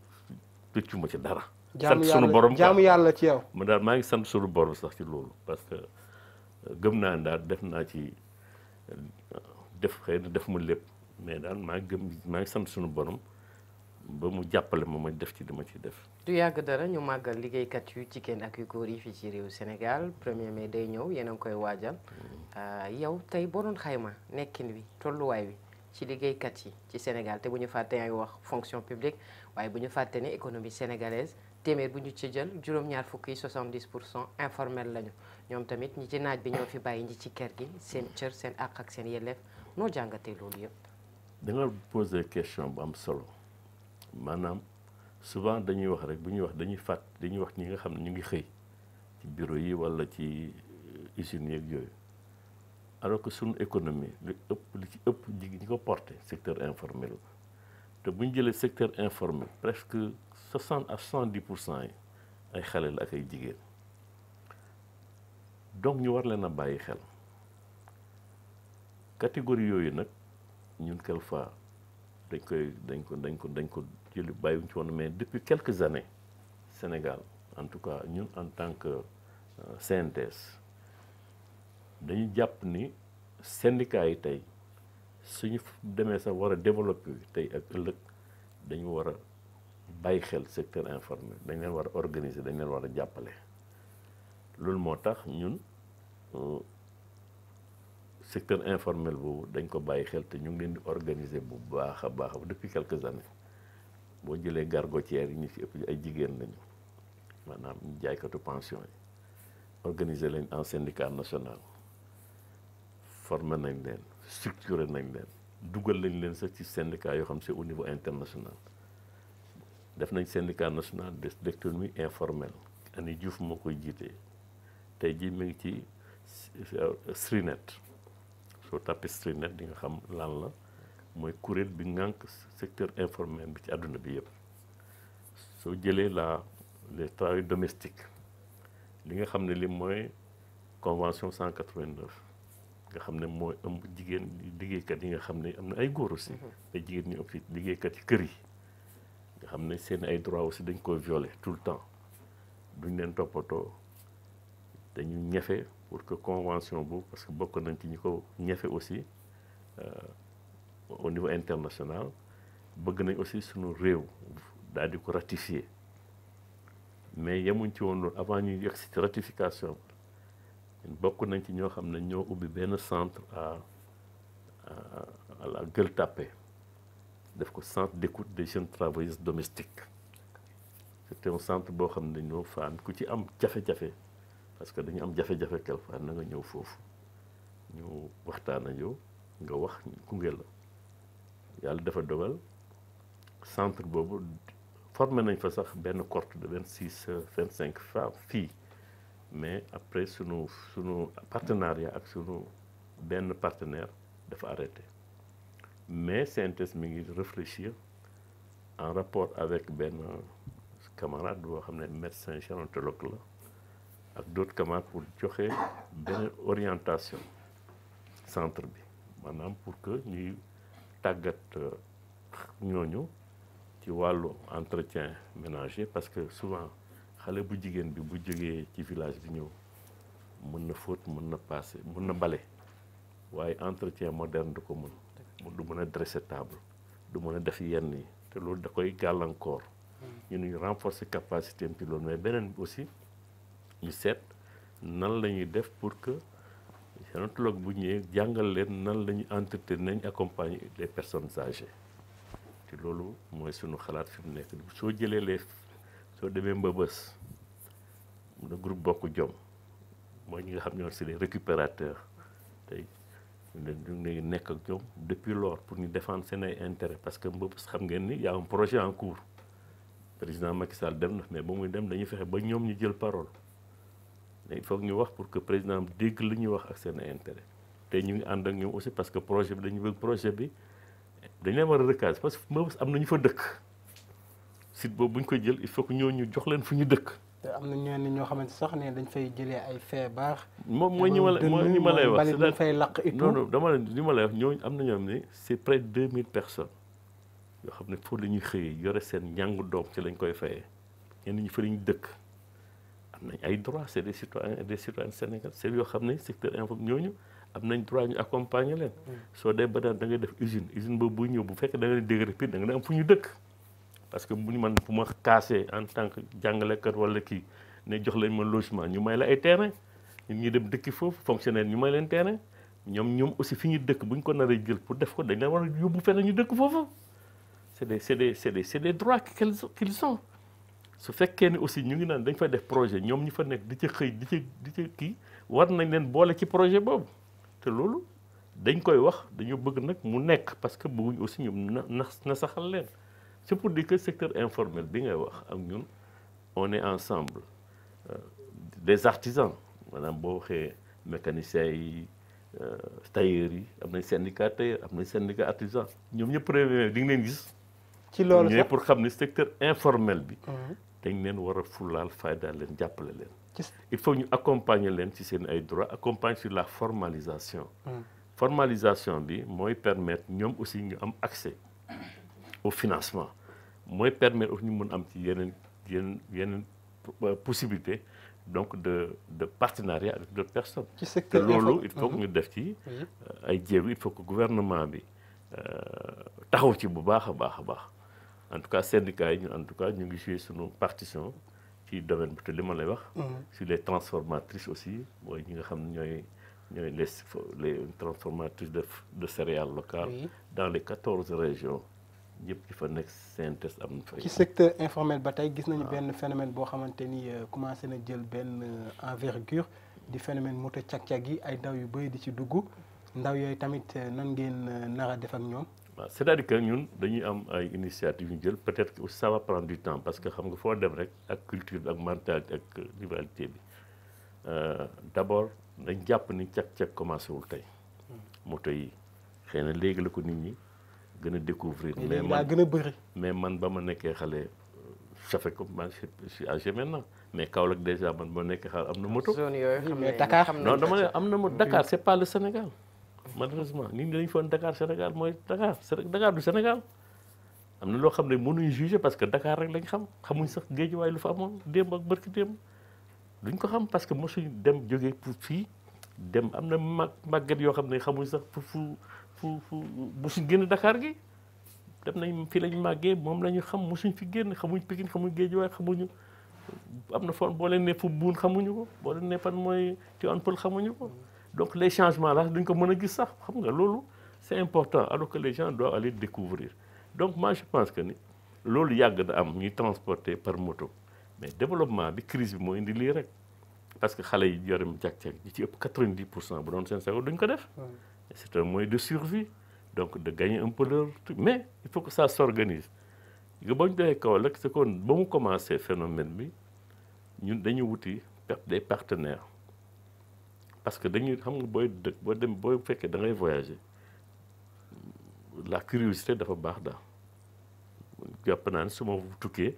tëccu ci dara. sant sunu borom jaamu yàlla ci yow. man daal maa ngi sant sunu borom sax ci loolu parce que euh, gëm naa ni daal def naa ci euh, def xëy na def mu lépp mais daal maa ngi gëm maa ngi sant sunu borom. ba mu jàppale ma ma def ci ma ci def. du yàgg dara ñu màggal liggéeykat yu jigéen ak yu góor yi fii ci réew Sénégal premier mai day ñëw yéen a ngi koy waajal mm. ah, yow tey boo doon xayma nekkin wi tolluwaay wi ci liggéeykat yi ci Sénégal te bu ñu fàtte ay wax fonction publique waaye bu ñu fàttee ne économie sénégalaise téeméer bu ñu ci jël juróom-ñaar fukk yi 70 pour cent informel lañu ñoom tamit ñi ci naaj bi ñoo fi bàyyi ñi ci kër gi seen cër seen ak seen yelleef noo jàngatee loolu yëpp. da nga bu am solo. maanaam souvent dañuy wax rek bu ñuy wax dañuy fàtt dañuy wax ñi nga xam ne ñu ngi xëy ci bureau yi walla ci euh, usines yeeg yooyu alors que suñu économie li ëpp li ci ëpp jigéen ñi ko porté secteur informel la te bu ñu jëlee secteur informel presque soixante à soixante-dix pour cent yi ay xale la ak ay jigéen donc ñu war leen a bàyyi xel catégorie yooyu nag ñun quelquefois dañ koy dañ ko dañ ko dañ ko jëli bàyyiwuñ ci woon mais depuis quelques années Sénégal en tout cas ñun en tant que euh, CNTS dañu jàpp ni syndicat yi tey suñu demee sax wara développe tey ak ëllëg dañu war a bàyyi xel secteur informel dañ leen war a organiser dañ leen war a jàppale loolu moo tax ñun euh, secteur informel boobu dañ ko bàyyi xel te ñu ngi leen di organiser bu baax a baax depuis quelques années boo jëlee gargotières yi ñu fi ëpp ay jigéen lañu maanaam ñu jaaykatu pension yi organiser leen en syndicat national forme nañ leen structurer nañ leen dugal lañ leen sax ci syndicat yoo xam si au niveau international def nañ syndicat national de d'économie informelle Ani Diouf moo koy jiitee tey jii mi ngi ci euh, Strinet soo tapé Strinet di nga xam lan la mooy kuréel bi ngànk secteur informel bi ci àdduna bi yëpp soo jëlee la les travail domestique li nga xam ne li mooy convention 189 nga xam ne mooy ëmb jigéen liggéeykat yi nga xam ne am na ay góor aussi te mhm. jigéen ñi ëpp liggéeykat yi kër yi nga xam ne seen ay droit aussi dañ koy violer tout le temps duñ leen toppatoo dañu ñefe pour que convention bu parce que bokk nañ ci ñu ko ñafe aussi euh, au niveau international bëgg nañ aussi suñu réew daal di ko ratifier mais yemuñ ci woon loolu avant ñuy yegg si ratification bokk nañ ci ñoo xam ne ñoo ubbi benn centre à à la Gueule def ko centre d'écoute des jeunes travailleurs domestiques c'était un centre boo xam ne ñoo fa ku ci am jafe-jafe parce que dañu am jafe-jafe quelquefois na nga ñëw foofu ñu waxtaan ak yow nga wax ku ngeen la. yàlla dafa dogal centre boobu forme nañ fa sax benn cohorte de vingt six vingt cinq femmes fii mais après sunu sunu partenariat ak sunu benn partenaire dafa arrêté mais CNTS mi ngi réfléchir en rapport avec benn camarade boo xam ne médecin gérontologue la ak d'autres camarades pour joxe benn orientation centre bi maanaam pour que ñuy tàggat euh, ñooñu ci wàllu entretien ménager parce que souvent xale bu jigéen bi bu jógee ci village bi ñëw mën na fóot mën na paase mën na bale waaye entretien moderne du ko mën du mën a dresser table du mën a def yenn yi te loolu da koy gàllankoor hmm. ñu ñuy renforcer capacité am ci mais beneen bi aussi ñu seet nan la def pour que gérontologue bu ñëwee jàngal leen nan la ñu entretenir nañ accompagner les personnes âgées te loolu mooy suñu xalaat fi mu nekk soo jëlee les soo demee Mbëbës le groupe bokk jom mooy ñu nga xam ñoo si les récupérateurs tey ñu ngi nekk ak ñoom depuis lors pour ñu défendre seen ay intérêt parce que Mbëbës xam ngeen ni y a un projet en cours président Macky Sall dem na mais ba muy dem dañuy fexe ba ñoom ñu jël parole il faut ñu wax pour que président bi dégg li ñuy wax ak seen intérêt te ñu ngi ànd ak ñoom aussi parce que projet bi dañu bëgg projet bi dañ leen war a parce que Mbeubeuss am na ñu fa dëkk site boobu bu ñu ko jël il faut ñu jox leen fu ñu dëkk. am na ñooñu ñoo xamante sax ne dañ fay jëlee ay baax moom mooy ñi ma la mooy ñi ma lay wax c' fay laq et tout non non dama ne li wax ñooñu am na ñoo xam ne c' est près de 2000 personnes yoo xam ne foofu la ñuy xëyee yore seen njàngu doom ci lañ koy fayee yenn ñu fa la ñu dëkk. am nañ ay droits c' est des citoyens et des yoo xam ne secteur informel ñooñu am nañ droit ñu accompagner leen. Mm. soo dee ba daan ngay def usine usine boobu ñëw bu fekkee da nga leen nga am fu ñu dëkk. parce que bu ñu man bu ma en tant jàngalekat wala kii ne jox lañ ma logement ñu may la ay terrain ñun ñu dem dëkki foofu fonctionnaire ñu may leen terrain ñoom ñoom aussi fi ñu dëkk bu ko nar a jël pour def ko dañ la war a yóbbu feneen ñu dëkk foofu c' est des c' est des su fekkee ne aussi ñu ngi naan dañ fa def projet ñoom ñu fa nekk di ca xëy di ca di ca kii war nañ leen boole ci projet boobu te loolu dañ koy wax dañoo bëgg nag mu nekk parce que bëgguñ aussi ñoom na na na saxal leen c'est pour dire que secteur informel bi ngay wax ak ñun on est ensemble euh, des artisans maanaam boo waxee mécaniciens yi euh, tailleurs yi am nañ syndicat tailleur am nañ syndicat artisan ñoom ñëpp premier di nga leen gis. ci loolu sax pour xam ne secteur informel bi. Mhm. dañ leen war a fulaal faydaal leen jàppale leen il faut ñu accompagner leen ci seen ay droits accompagner sur la formalisation mm. formalisation bi mooy permettre ñoom aussi ñu am accès au financement mooy permettre aussi ñu mën am ci yeneen yeneen yeneen euh, possibilité donc de de partenariat avec d'autres personnes te loolu il faut ñu mm-hmm. def ci euh, ay jéego il faut que gouvernement bi euh, taxaw ci bu baax a baax a baax en tout cas syndicats yi ñu en tout cas ñu ngi joué suñu partition ci domaine bi te li ma lay wax. Mm. su les transformatrices aussi mooy ñi nga xam ne ñooy ñooy les les transformatrices de de céréales locales. Oui. dans les quatorze régions. ñëpp ci fa nekk synthèse am na ci secteur informel ba tey gis nañu benn phénomène boo xamante ni euh, commencé na jël benn euh, envergure di phénomène moto cag-cag yi ay ndaw yu bëri di ci dugg ndaw yooyu tamit euh, nan ngeen nar a def ñoom. waaw c'est-à-dire que ñun dañuy am ay initiative ñu jël peut-être que ça va prendre du temps parce que xam nga foo dem rek ak culture ak mentalité ak rivalité bi euh, d'abord dañ jàpp ni càq-càq commencé wul tey. moto yi xëy na léegi la ko nit ñi gën a découvrir mais man gën a bëri. mais man ba ma nekkee xale ça fait comme man je suis âgé maintenant déjà man ba ma nekkee xale am na moto. zone yooyu xam non dama ne am na moto Dakar c'est pas le Sénégal. malheureusement nit ñi dañu foon Dakar Sénégal mooy Dakar Dakar du Sénégal am na loo xam ne mënuñu juger parce que Dakar rek lañ xam xamuñ sax géejuwaay lu fa amoon démb ak bërki démb duñ ko xam parce que mosuñ dem jógee pour fii dem am na mag màgget yoo xam ne xamuñ sax fu fu fu fu mosuñ génn dakaar gi dem nañ fii lañ màggee moom la xam mu suñ fi génn xamuñ Pikine xamuñ géejuwaay xamuñu am na foon boo leen ne fu buun xamuñu ko boo leen ne fan mooy ci an pël xamuñu ko donc les changement là dañ ko mën a gis sax xam nga loolu c'est important alors que les gens doivent aller découvrir donc moi je pense que ni loolu yàgg na am ñuy transporter par moto mais développement bi crise bi moo indi lii rek parce que xale yi yorem jag-jag ñi ci ëpp 90 pour cent bu doon seen sago duñ ko def c'est un moyen de survie donc de gagner un peu leur mais il faut que ça s'organise nga ba ñu defee kaw rek c'est que ba mu commencé phénomène bi ñun dañu wuti des partenaires parce que dañuy xam nga booy dëkk boo dem booy fekkee da ngay voyager la curiosité dafa baax daal jàpp naa ne su ma tukkee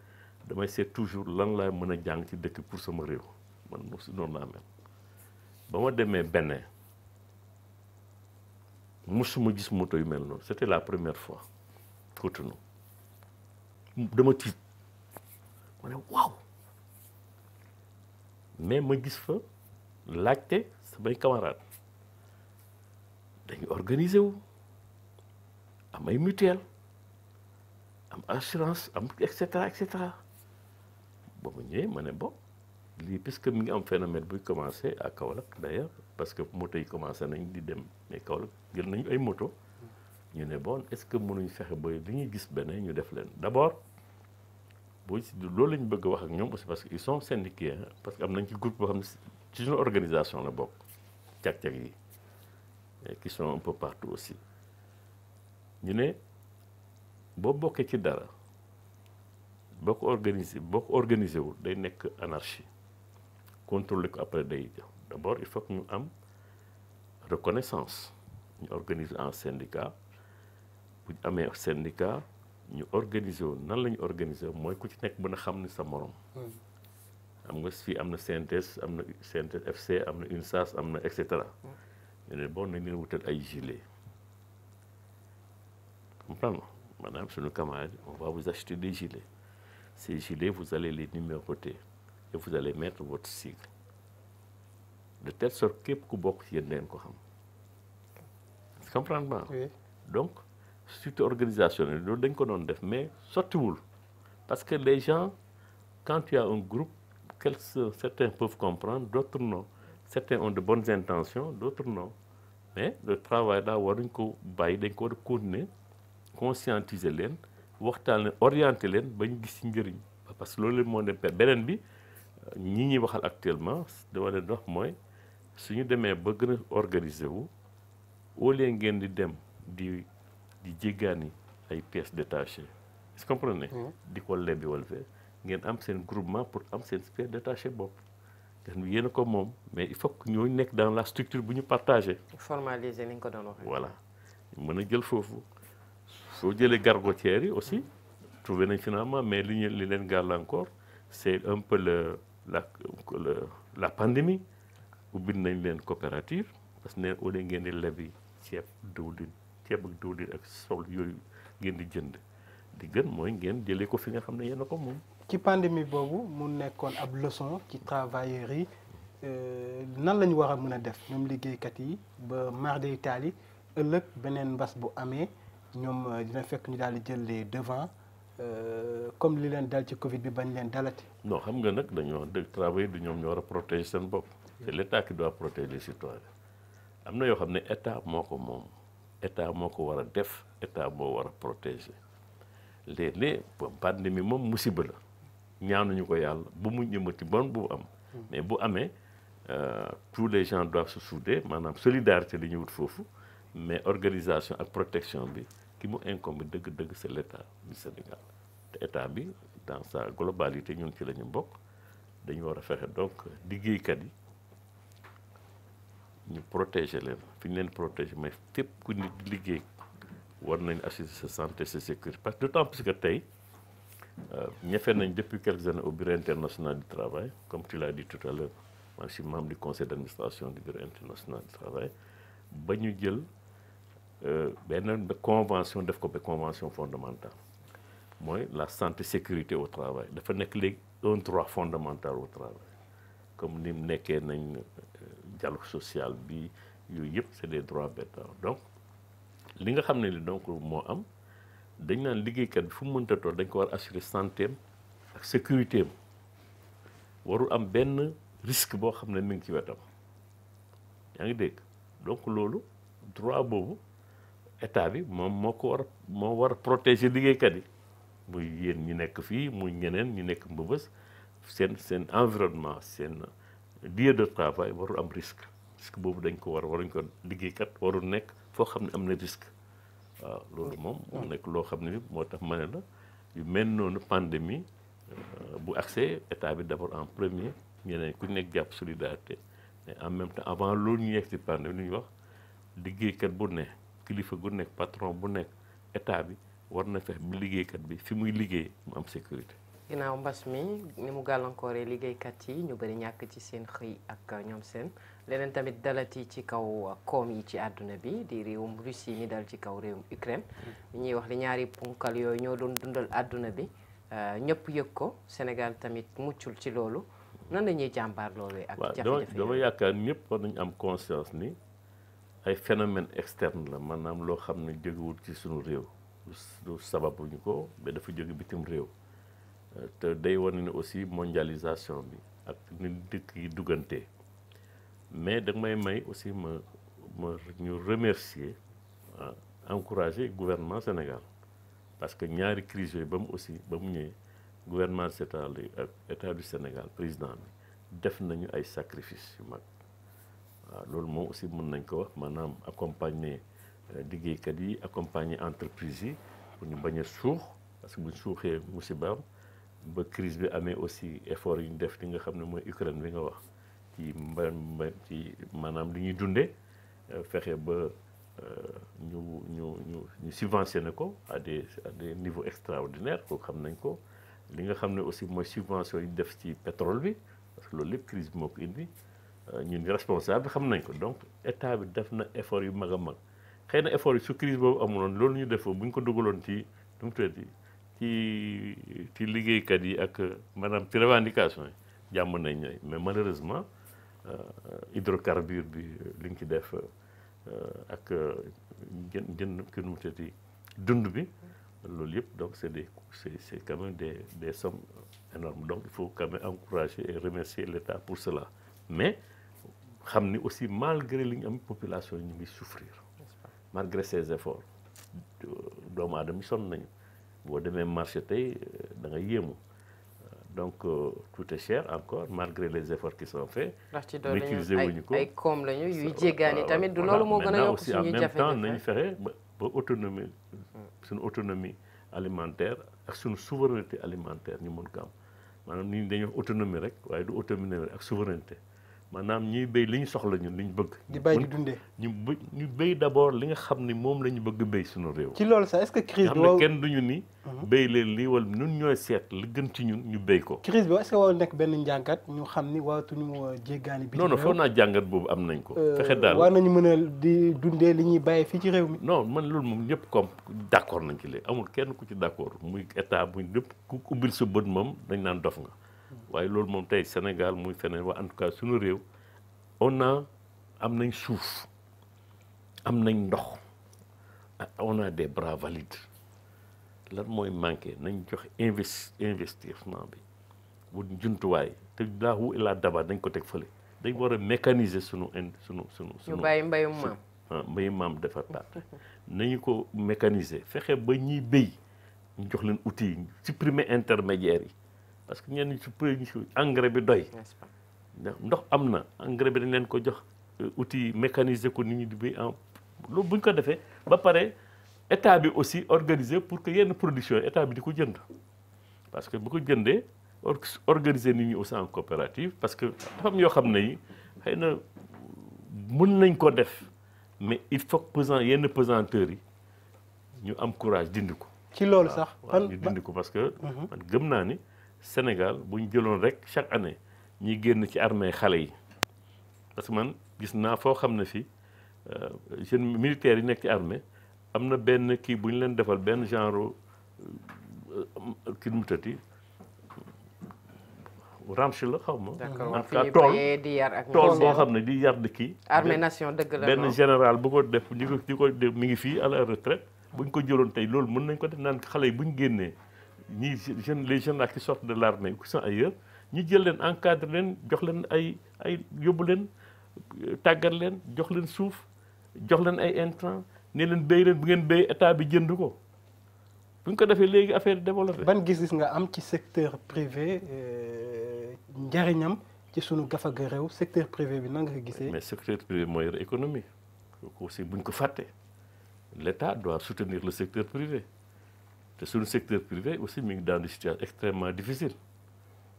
damay seet toujours lan laa mën a jàng ci dëkk pour sama réew man moom si noonu ma demee Bénin musuma gis moto yu mel noonu c'était la première fois Cotonou dama tiit ma ne waaw mais ma gis fa laajte. bay camarades dañu organiser wu am ay mutuelle am assurance am et cetera et cetera ba mu ñëwee ma ne bon lii que mu ngi am phénomène buy commencé ak Kaolack d' ailleurs parce que moto yi commencé nañ di dem mais Kaolack jël nañu ay moto ñu ne bon est ce que mënuñ fexe ba li ñuy gis beneen ñu def leen d' abord boo si loolu lañ bëgg a wax ak ñoom aussi parce que ils sont syndiqués parce que am nañ ci groupe boo xam ne si suñu organisation la bokk. càq-càq yi qui sont un peu partout aussi ñu ne boo bokkee ci dara boo ko organisé boo ko organisé day nekk anarchie contrôler ko après day d' abord il faut que ñu am reconnaissance ñu organiser en syndicat bu ñu amee syndicat ñu organiser wu nan la ñu organiser mooy ku ci nekk mën a xam ni sa morom. Hmm. xam nga fii am na CNTS am na CNTS FC am na une UNSAS am na et cetera ñu ne bon nañ leen wutal ay gilet comprendre maanaam suñu camarade on va vous acheter des gilets ces gilets vous allez les numéroter et vous allez mettre votre sigle de telle sorte képp ku bokk ci yéen leen ko xam comprendre oui. donc surtout organisationnel loolu dañ ko doon def mais sottiwul parce que les gens quand tu un group quelques, euh, certains peuvent comprendre, d'autres no Certains on de bonnes intentions, d'autres non. Mais le travail daa waruñ ko bàyyi dañ ko war a continuer conscientiser leen waxtaan leen orienter leen ba ñu gis ci njëriñ parce que loolu leen moo dem per beneen bi ñi ñuy waxal actuellement dama leen wax mooy ñu demee ba gën a organiser wu au lieu ngeen di dem di di jéggaani ay pièces détachées est-ce que mm-hmm. di ko lebi wala fee ngeen am seen groupement pour am seen sphere détaché bopp gan bi yéen a ko moom mais il faut que ñooñu nekk dans la structure bu ñu partagé. formaliser ni ñu ko doon waxee. voilà mën a jël foofu soo jëlee gargotières yi aussi. trouvé nañ finalement mais li ñu li leen gàll encore c' est un peu le la le la pandémie ubbi nañ leen coopérative parce que nee au lieu ngeen di lebi ceeb diwlin ceeb ak diwlin ak sol yooyu ngeen di jënd di gën mooy ngeen jëlee ko fi nga xam ne yéen a ko moom. ci pandémie boobu mu nekkoon ab leçon ci travailleurs yi euh, nan la ñu war a mën a def ñoom liggéeykat yi ba mar day taali ëllëg beneen mbas bu amee ñoom euh, dina fekk ñu daal di jël les devants euh, comme li leen dal ci Covid bi bañ leen dalati. non xam nga nag dañoo wax dëgg du ñoom ñoo war a protéger seen bopp. c'est l'état qui doit protéger les citoyens am na yoo xam ne état moo ko moom état moo ko war a def état moo war a protéger léeg-léeg pandémie moom musiba la. ñu ko yàlla bu mu jëmati bon bu am. mais bu amee euh, tous les gens doivent se souder maanaam solidarité li ñu wut foofu mais organisation ak protection bi ki mu incombe dëgg-dëgg c'est l'état du Sénégal te état bi dans sa globalité ñun ci la ñu bokk dañu war a fexe donc liggéeykat yi ñu protéger leen fi ñu leen protéger mais fépp ku nit liggéey war nañ assurer sa santé sa sécurité parce que d'autant plus tey. Euh, ñefe nañ depuis quelques années au bureau international du travail comme tu l'as di tout à l'heure man je suis membre du conseil d'administration du bureau international du travail ba ñu jël euh, benn convention def ko ba convention fondamentale mooy la santé sécurité au travail dafa nekk léegi un droit fondamental au travail comme ni mu nekkee nañ euh, dialogue sociale bi yooyu yëpp c'est des droits bêta donc li nga xam ne li donc moo am dañ naan liggéeykat bi fu mu mënta toll dañ ko war assurer santé am ak sécurité warul am benn risque boo xam ne mi ngi ci wetam yaa ngi dégg donc loolu droit boobu état bi moom moo ko war moo war protéger liggéeykat yi muy yéen ñu nekk fii muy ñeneen ñu nekk mbëbës seen seen environnement seen lieu de travail warul am risque risque boobu dañ ko war waruñ ko liggéeykat warul nekk foo xam ne am na risque waaw loolu moom mu nekk loo xam ne moo tax ma ne la yu mel noonu pandémie euh, bu accès état bi d'abord en premier ñeneen ku nekk jàpp solidarité en même temps avant loolu ñu yegg ci pandémie lu ñuy wax liggéeykat bu ne kilifa gu nekk patron bu nekk état bi war na fex bi liggéeykat bi fi muy liggéey mu am sécurité ginnaaw mbas mi ni mu gàllankooree liggéeykat yi ñu bëri ñàkk ci seen xëy ak ñoom seen leneen tamit dalati ci kaw uh, koom yi ci àdduna bi di réewum Russie ñi dal ci kaw réewum Ukraine mm. ñuy wax li ñaari punkal yooyu ñoo doon dundal àdduna bi uh, ñëpp yëg ko Sénégal tamit muccul ci loolu nan la ñuy jàmbaar loolu ak jafe-jafe dama yaakaar ñëpp war nañu am conscience ni ay phénomène externe la man maanaam loo xam ne jógewul ci suñu réew lu sababuñu ko ba dafa jóge bitim réew uh, te day wane ne aussi mondialisation bi ak ni dëkk yi duggante mais da may may aussi ma ma ñu remercier ah encourager gouvernement Sénégal parce que ñaari crise ba mu aussi ba mu ñëwee gouvernement état ak euh, état du Sénégal président bi def nañu ay sacrifices yu mag waaw ah, loolu moom aussi mën nañ ko wax maanaam accompagner euh, liggéeykat yi accompagner entreprise yi pour ñu bañ a suux parce que bu ñu suuxee musibaam ba crise bi amee aussi effort yu ñu def li nga xam ne mooy Ukraine bi nga wax. ci mba ci maanaam li ñuy dundee euh, fexe ba euh, ñu ñu ñu ñu subventionné ko à des à des niveaux extraordinaires kooku xam nañ ko li nga xam ne aussi mooy subvention yi def ci pétrole bi parce que loolu lépp crise bi moo ko indi euh, ñun responsable xam nañ ko donc état bi def na effort yu mag a mag xëy na effort yi su crise boobu amuloon loolu ñu defoon bu ñu ko dugaloon ci nu mu tuddati ci ci liggéeykat yi ak maanaam ci revendication yi jàmm nañ ñooy mais malheureusement Euh, hydrocarbure bi euh, li ñu ci def euh, ak jën jën ki nu mu tëddi dund bi loolu yëpp donc c' est des c' quand même des des sommes énormes donc il faut quand même encourager et remercier l' pour cela mais xam ni aussi malgré li ñu am population ñu ngi souffrir malgré ces efforts doomu aadama yi sonn nañu boo demee marché tey da nga yéemu. donc euh, tout est cher encore malgré les efforts qui sont faits. ndax ci doole ñu ay ay koom lañu yuy euh, jéggaani tamit du loolu moo gën a yokk suñuy jafe-jafe en fexe ba autonomie suñu autonomie alimentaire ak suñu souveraineté alimentaire ñu mën ko maanaam nit ñi autonomie rek waaye du autonomie rek ak souveraineté. maanaam ñuy béy li ñu soxla ñun li ñu bëgg. di bay di dundee ñu ñu béy d' abord li nga xam ni moom la ñu bëgg béy suñu réew. ci loolu sax est ce que crise bi xam kenn duñu ni. Mhm. béy leen lii wala ñun ñooy seet li ci ñun ñu béy ko. crise bi est ce que war nekk benn njàngat ñu xam ni waatuñu euh, jéggaani. bi non non naa jàngat boobu am nañ ko. Euh, fexe daal war nañu mën a di dundee li ñuy bàyyi fii ci réew mi. non man loolu moom ñëpp comme d' nañ ci léegi amul kenn ku ci d' accord muy état muy ñëpp ku ubbil sa bët moom dañ naan dof nga waaye loolu moom tey Sénégal muy feneen waa en tout cas suñu réew on a am nañ suuf am nañ ndox on a des bras valides lan mooy manqué nañ jox invest investissement bi wut njuntuwaay te daahu ilaa daba dañ ko teg fële dañ war a mécaniser suñu ind suñu suñu sunu ñu bàyyi mbayum maam ah maam dafa nañu ko mécaniser fexe ba ñuy béy ñu jox leen outils yi supprimer intermédiaires yi. parce que ñenn ñi si pëy ñi engrais bi doy. ndox am na engrais bi dañ leen ko jox euh, outil mécaniser ko nit ñi di béy en loolu bu ko defee ba pare état bi aussi organiser pour que yenn production état bi di ko jënd parce que bu ko jëndee organiser nit ñi aussi en coopérative parce que dafa yoo xam ne yi xëy na mën nañ ko def mais il faut pesant yenn pesanteurs yi ñu am courage dindi ko. ci loolu sax ñu parce que. Mhm. gëm naa ni. Sénégal bu jëloon rek chaque année ñi génn ci armée xale yi parce que man gis naa foo xam ne fii euh, jeunes militaires yi nekk ci armée am na benn kii bu ñu leen defal benn genre euh, kii nu mu la xaw ma. en tout cas tool tool boo xam ne di yar di kii. nation dëgg la benn général bu ko def di ko mi ngi fii à la retraite ko jëloon tey loolu mën nañ ko def naan xale yi bu ñu génnee. ñi jeunes les jeunes là qui sortent de l'armée ou qui sont ailleurs ñu jël leen encadre leen jox leen ay ay yóbbu leen tàggat leen jox leen suuf jox leen ay intrants nee leen béy leen bu ngeen béy état bi jënd ko bu ñu ko defee léegi affaire développé ban gis-gis nga am ci secteur privé euh, njariñam ci sunu gafaga réew secteur privé bi nan nga ko gisee. mais secteur privé mooy yor économie kooku aussi bu ñu ko fàtte l' état doit soutenir le secteur privé. te suñu secteur privé aussi mi ngi dans des situations extrêmement difficiles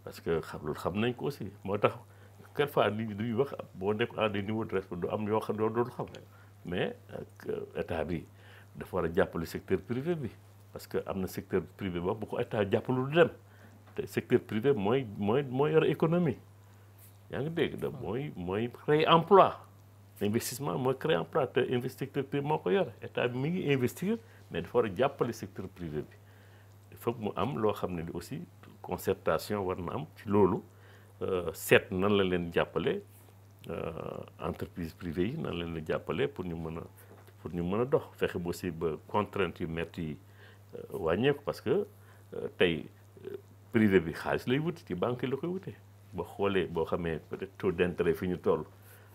parce que xam loolu xam nañ ko aussi moo tax quelquefois nit ñi duñu wax boo nekk à des niveaux de responsabilité du am yoo xam doo doon xam mais euh, état bi dafa war a jàppale secteur privé bi parce que am na secteur privé ba bu ko état jàppalul du dem te secteur privé mooy mooy mooy yor économie yaa ngi dégg da mooy mooy créer emploi investissement mooy créer emploi te investisseur privé moo ko yore état bi mi ngi investir mais dafa war a jàppale secteur privé bi il mu am loo xam ne ni aussi concertation war na am ci loolu euh, seet nan la leen jàppale euh, entreprise privée yi nan la leen jàppale pour ñu mën a pour ñu mën a dox fexe ba si ba contraintes yu métti yi euh, wàññeeku parce que tey privé bi xaalis lay wuti ci banque la koy wutee boo xoolee boo xamee peut-être taux d'intérêt fi ñu toll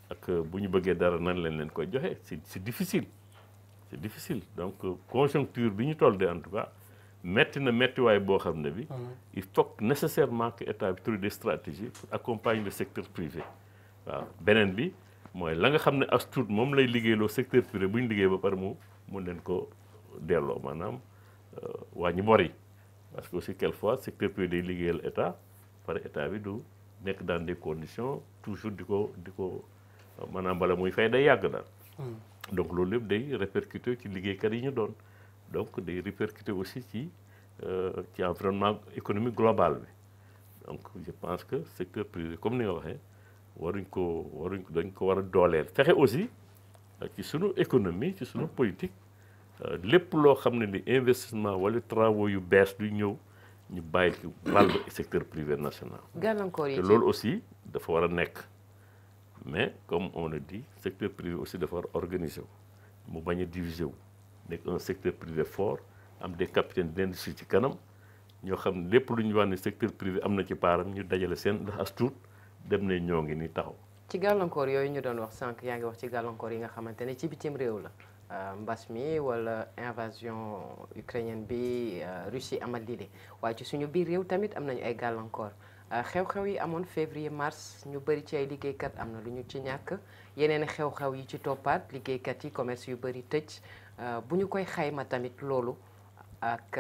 ak bu ñu bëggee dara nan lañ leen koy joxe c'est difficile c'est difficile donc euh, conjoncture bi ñu toll de en tout cas metti na mettiwaay boo xam ne bi ah il faut nécessairement que état bi trouve des stratégies pour accompagner le secteur privé waaw beneen bi mooy la nga xam ne as tuut moom lay liggéeyloo secteur privé bu ñu liggéey ba pare mu mun leen ko delloo maanaam euh, waa ñi yi parce que aussi fois secteur privé day liggéeyal état par état bi du nekk daan des conditions toujours di ko di ko euh, maanaam bala muy fay day yàgg daal hmm. donc loolu lépp day répercuté ci liggéeykat yi ñu doon donc day répercuté aussi ci euh, ci environnement économique global bi donc je pense que secteur privé comme ni nga waxee waruñ ko waruñ ko dañ ko war a dooleel fexe aussi euh, ci suñu économie ci sunu politique euh, lépp loo xam ne li investissement wala travaux yu bees du ñëw ñu bàyyi ci wàllu secteur privé national. gàllankoor loolu aussi dafa war a nekk. mais comme on le dit secteur privé aussi dafa war organisé wu mu bañ a divisé wu nekk un secteur privé fort am des capitaines d'industrie ci kanam ñoo xam lépp lu ñu wax ne secteur privé am na ci paaram ñu dajale seen ndax as tuut dem ne ñoo ngi ni taxaw. ci gàllankoor yooyu ñu doon wax sànq yaa ngi wax ci gàllankoor yi nga xamante ne ci bitim réew la euh, mbas mi wala invasion ukrainienne bi euh, Russie amal lii de waaye ci suñu biir réew tamit am nañu ay gàllankoor. Eh, xew-xew yi amoon février mars ñu bëri ci ay liggéeykat am na lu ñu ci ñàkk yeneen i xew-xew yi ci toppaat liggéeykat yi commerce yu bëri tëj eh, bu ñu koy xayma tamit loolu ak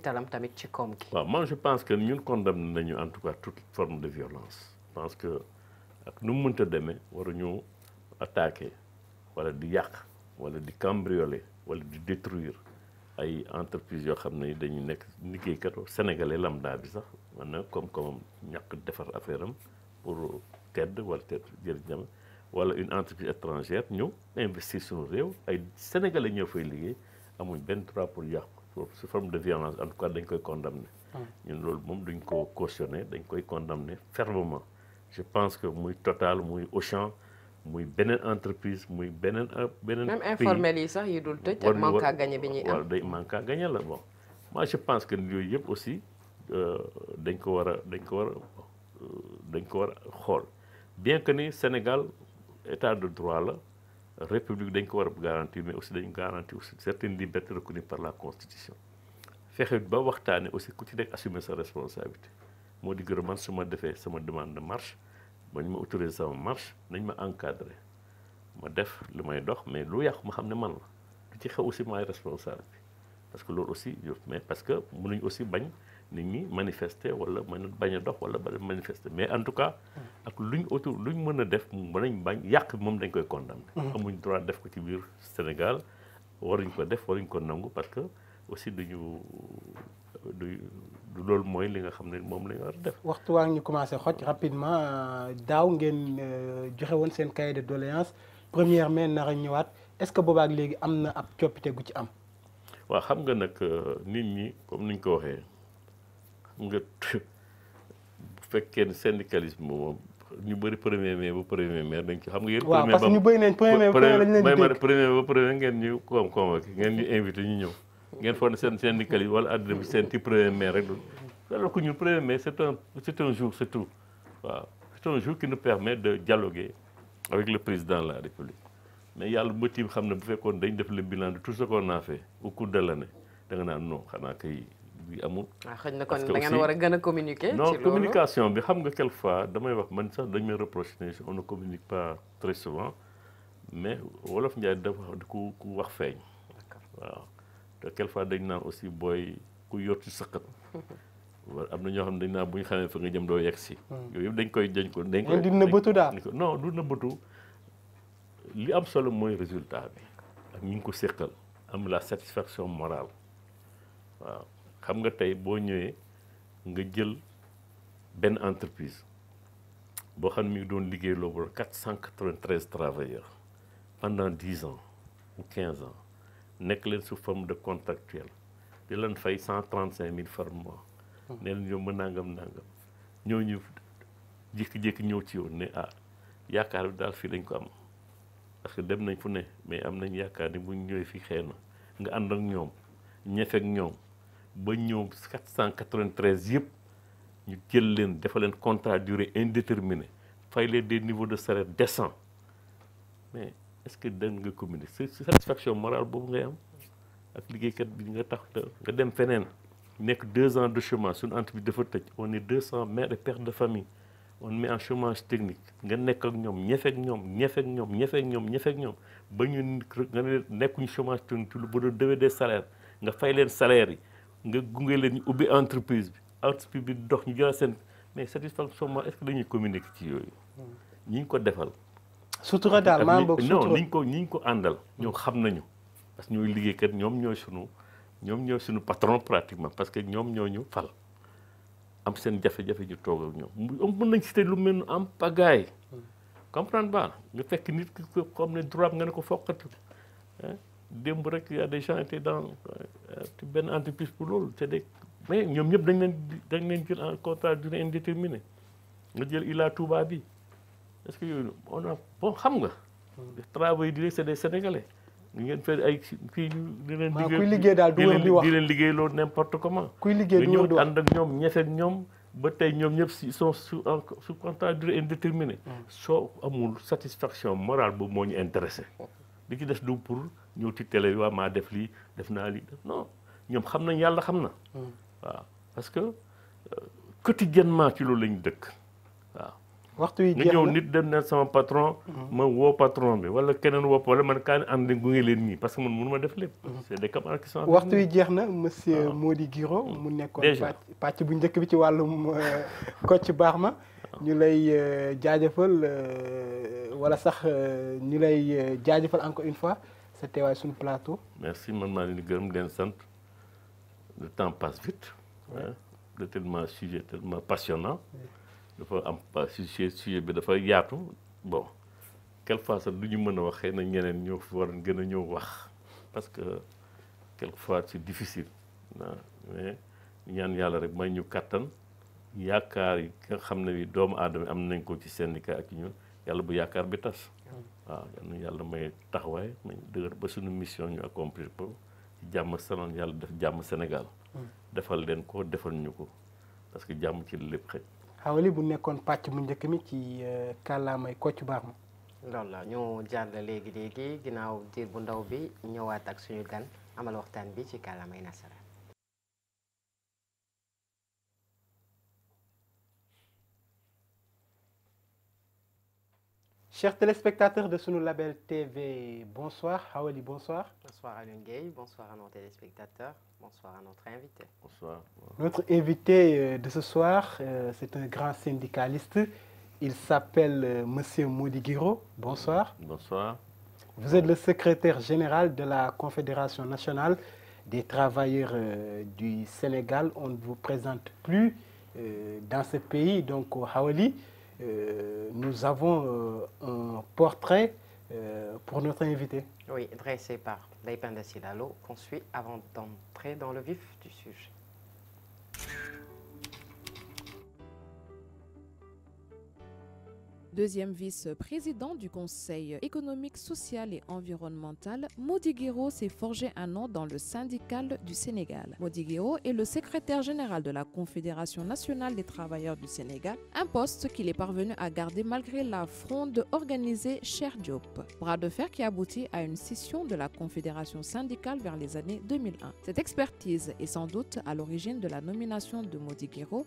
talam tamit ci koom gi. waaw man je pense que ñun condamné nañu en tout cas toute forme de violence je que ak nu mu mënta demee waruñu attaquer wala di yàq wala di cambrioler wala di détruire ay entreprise yoo xam ne dañu nekk liggéeykat sénégalais lambda bi sax. man na koom-koomam ñàkk defar affaire am pour tedd wala tedd jëriñ jam wala une entreprise étrangère ñëw investir suñu réew ay sénégalais ñëw fay liggéey amuñ benn droit pour yàq su forme de violence en tout cas dañ koy condamner. Ah. ñun loolu moom duñ ko cautionner dañ koy condamner fermement. je pense que muy Total muy Auchan muy beneen entreprise muy beneen euh, beneen. pays même informel yi sax yi dul tëj. ak manque à gagner bi ñuy am wala day la bon. moi je pense que yooyu yëpp aussi. Euh, dañ ko war a dañ ko war a euh, dañ ko war a xool bien que ni Sénégal état de droit la république dañ ko war a garantir mais aussi dañu garantir aussi certaines libertés reconnues par la constitution fexe ba waxtaane aussi ku ci nekk assumer sa responsabilité moo di gërëm man su ma defee sama demande de ma ñu ma autorisé sama marche nañ ma encadré ma def lu may dox mais lu yàqu ma xam ne man la lu ci xew aussi maay responsable bi parce que loolu aussi mais parce que mënuñ aussi bañ nit ñi manifester wala mën bañ a dox wala ba manifester mais en tout cas. ak luñ autour luñ mën a def mën bañ yàq moom dañ koy condamné. Mm-hmm. amuñ droit def ko ci biir Sénégal waruñ ko def waruñ ko nangu parce que aussi duñu du loolu mooy li nga xam ne moom la war def. waxtu waa ngi commencé xoj rapidement euh, daaw ngeen euh, joxe woon seen cahier de doléance première mai ñëwaat est-ce que boobaak léegi am na ab coppite gu ci am. waaw xam nga nag euh, nit ñi comme ni ko waxee. nga bu fekkee ne syndicalisme moom ñu bëri premier mai ba premier mai dañ ci xam nga yéen. premier ba waaw parce que ñu bëri nañ premier ba premier lañ leen di premier ba premier ñëw. ngeen foog ne seen syndicalisme wala àddina bi seen ci premier mai rek premier mai c' est un c' est un jour c' est tout waaw c' est un jour qui nous permet de dialoguer avec le président la république. mais yàlla bu tiim xam ne bu fekkoon dañ def le bilan de tout ce qu'on a fait au cours de l'année da nga naan non xanaa kay. bi amul. waaw ah, na kon da ngeen a gën a communiquer. non bi xam nga quelque fois damay wax man sax dañ may reproché ne on ne communique mais wolof Njaay dafa ku ku wax feeñ. waaw fois dañ naan aussi booy ku yor ci sëqat. am na ñoo xam ne dañ naan bu ñu xamee fa jëm doo yegg si. Hmm. yëpp dañ koy dañ ko dañ koy. du nëbbatu daal non nëbbatu li am solo mooy résultat bi. ak ñu ngi ko séqal am la satisfaction morale waaw. xam nga tey boo ñëwee nga jël benn entreprise boo xam ne doon liggéey loo ba quatre cent quatre-vingt-treize travailleurs pendant dix ans ou quinze ans nekk leen sous forme de contractuel di leen fay cent trente-cinq mille par mois. Hmm. nee na ñoom ma nangam nangam ñooñu jékki-jékki ñëw ci yow ne ah yaakaar bi daal fii lañ ko am parce que dem nañ fu ne mais am nañ yaakaar ni buñ ñëwee fii xëy na nga ànd ak ñoom ñefe ak ñoom. ba ñëw 493 yëpp ñu jël leen dafa leen contrat durée indéterminée fay leen des niveaux de salaire décent mais est-ce que dan nga communiquer c'est satisfaction morale boobu ngay am ak liggéeykat bi nga tax nga dem feneen nekk deux ans de chômage suñu entreprise dafa tëj on est 200 mères et pères de famille on met en chômage technique nga nekk ak ñoom ñefeek ñoom ñefeek ñoom ñefeek ñoom ñefeek ñoom ba ñu nekkuñu chômage technique ci lu ba doon déwee des salaires nga fay leen salaire yi nga gunge leen ñu ubbi entreprise bi entreprise bi dox ñu jëlaat seen mais satisfaction est ce que dañuy communiquer ci yooyu. ñi ñu ko defal. sutura daal maa bokk sutura non ñi ñu ko ñi ñu ko àndal. ñoom xam nañu parce que ñooy liggéeykat ñoom ñooy sunu ñoom ñooy sunu patron pratiquement parce que ñoom ñoo ñu fal. am seen jafe-jafe ñu toog ak ñoom mën nañ cité lu mel ni am pagaay hmm. comprendre ba nga fekk nit ki xam ne droit nga ne ko foqati démb rek y a des gens dans euh, benn entreprise pour loolu c'est des mais ñoom ñëpp dañ leen dañ leen jël en contrat durée indéterminée nga jël Ila Touba bi est-ce que yooyu a bon xam nga. travail direct c'est des Sénégalais. ñu ngeen fay ay kii di leen. liggéey kuy liggéey daal du di wax leen liggéey loolu n'importe comment. kuy liggéey du di wax ànd ak ñoom ñefe ñoom. ba tey ñoom ñëpp si sont sous sous contrat durée indéterminée. Hmm. soo amul satisfaction moral boobu moo ñu intéressé. li ci des du pour. ñëw ci tele bi waa maa def lii def naa lii non xam nañ yàlla xam na. Hmm. waaw parce que euh, quotidiennement ci loolu lañu dëkk waaw. waxtu wi jeex na nga ñëw nit dem na sama patron. Hmm. ma woo patron bi wala keneen woo wala man kaan ànd gunge leen nii parce que man mënu ma def lépp. Hmm. c'est des camarades qui sont waxtu wi jeex na monsieur ah. Mody Guiro mu nekkoon pàcc bu njëkk bi ci wàllum euh, Kocc Barma ah. ñu lay euh, jaajëfal wala sax ñu lay jaajëfal encore une fois. sa teewaay suñu merci man maa leen di gërëm di leen sant le temps passe vite. de tellement sujet tellement passionnant. dafa am sujet sujet bi dafa yaatu bon fois sax du ñu mën a wax xëy na ñeneen ñoo fi waroon gën a ñëw wax parce que fois si difficile ñaan yàlla rek may ñu kàttan yaakaar yi nga xam ne doomu aadama am nañ ko ci syndicat ak ñun. yàlla bu yaakaar bi tas waaw yàlla may taxawaay may dëgër ba suñu mission ñu accomplir ko ci jàmm sanoon yàlla def jàmm Sénégal hmm. defal leen ko defal ñu ko parce que jàmm ci lépp xëj xawali bu nekkoon pàcc mu njëkk mi ci euh, kàllaamay Kocc Barma loolu la ñu jàll léegi léegi ginnaaw diir bu ndaw bi ñëwaat ak suñu gan amal waxtaan bi ci kàllaamay nasara Chers téléspectateurs de Sunu Label TV, bonsoir. Hawali, bonsoir. Bonsoir à Gay, bonsoir à nos téléspectateurs, bonsoir à notre invité. Euh, de ce soir, euh, c'est un grand syndicaliste. Il s'appelle euh, Monsieur Bonsoir. Vous êtes le secrétaire général de la Confédération nationale des travailleurs du Sénégal. On ne vous présente plus dans ce pays, donc au Hawali. Euh, nous avons euh, un portrait euh, pour notre invité. Oui, dressé par Daipenda Silalo, qu'on suit avant d'entrer dans le vif du sujet. Deuxième vice-président du Conseil économique, social et environnemental, Modiguero s'est forgé un nom dans le syndical du Sénégal. Modiguero est le secrétaire général de la Confédération nationale des travailleurs du Sénégal, un qu'il est parvenu à garder malgré la fronde organisée Cher Diop. Bras de fer qui aboutit à une scission de la Confédération syndicale vers les années 2001. Cette expertise est sans doute à l'origine de la nomination de Modiguero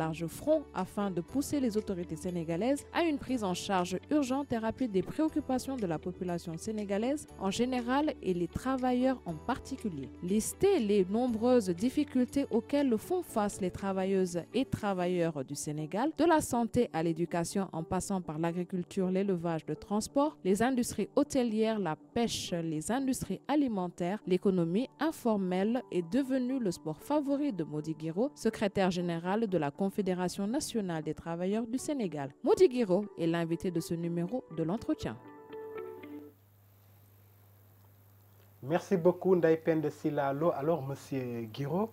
large front afin de pousser les autorités sénégalaises à une prise en charge urgente et rapide des préoccupations de la population sénégalaise en général et les travailleurs en particulier. Lister les nombreuses difficultés auxquelles font face les travailleuses et travailleurs du Sénégal, de la santé à l'éducation en passant par l'agriculture, l'élevage, le transport, les industries hôtelières, la pêche, les industries alimentaires, l'économie informelle est devenue le sport Confédération nationale des travailleurs du Sénégal. Moutiguiro est l'invité de ce numéro de l'entretien. Merci beaucoup Ndaipen de Silalo. Alors, Monsieur Guiro,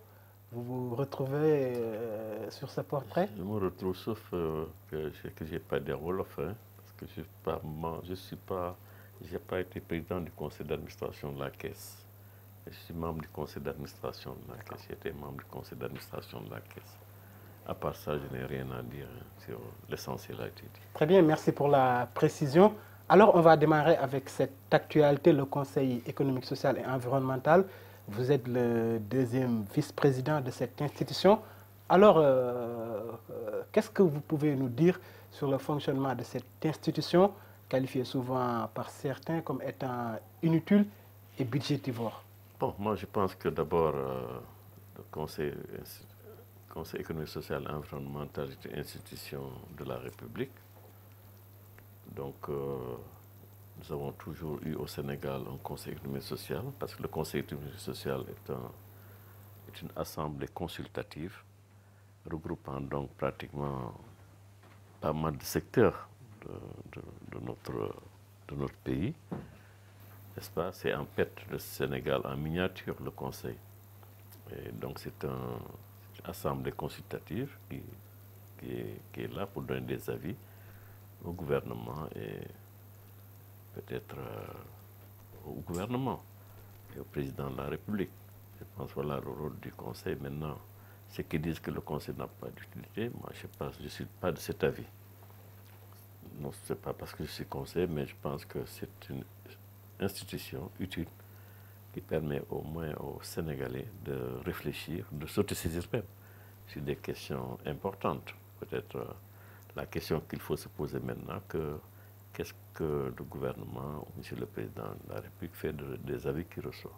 vous vous retrouvez euh, sur ce portrait Je me retrouve, sauf euh, que je n'ai pas de Wolof, hein, parce que je conseil de la Caisse. Je suis membre du conseil d'administration de la Caisse. J'étais membre du conseil d'administration de la Caisse. à part ça, je n'ai rien à dire. L'essentiel a été dit. Très bien, merci pour la précision. Alors, on va démarrer avec cette actualité, le Conseil économique, social et environnemental. Vous êtes le deuxième vice-président de cette institution. Alors, euh, euh, qu'est-ce que vous pouvez nous dire sur le fonctionnement de cette institution, qualifiée souvent par certains comme étant inutile et budgétivore Bon, moi je pense que d'abord, euh, le Conseil Conseil économique, social, environnemental est une institution de la République. Donc, euh, nous avons toujours eu au Sénégal un Conseil économique social, parce que le Conseil économique social est, un, est une assemblée consultative regroupant donc pratiquement pas mal de secteurs de, de, de notre, le Sénégal miniature, le Conseil. Et c'est un assemblée consultative des qui, est, qui, est, là pour donner des avis au gouvernement et peut-être euh, au gouvernement et au président de la République. Je pense voilà le rôle du Conseil. Maintenant, ceux qui disent que le Conseil n'a pas d'utilité, pas de cet avis. Non, ce pas parce que je suis conseiller, mais je pense que c'est une institution utile qui permet au moins au Sénégalais de réfléchir, de s'autosaisir même. sur des questions importantes. Peut-être euh, la question qu'il faut se poser maintenant, que qu'est-ce que le gouvernement ou Monsieur le Président de la République fait de, des avis qu'il reçoit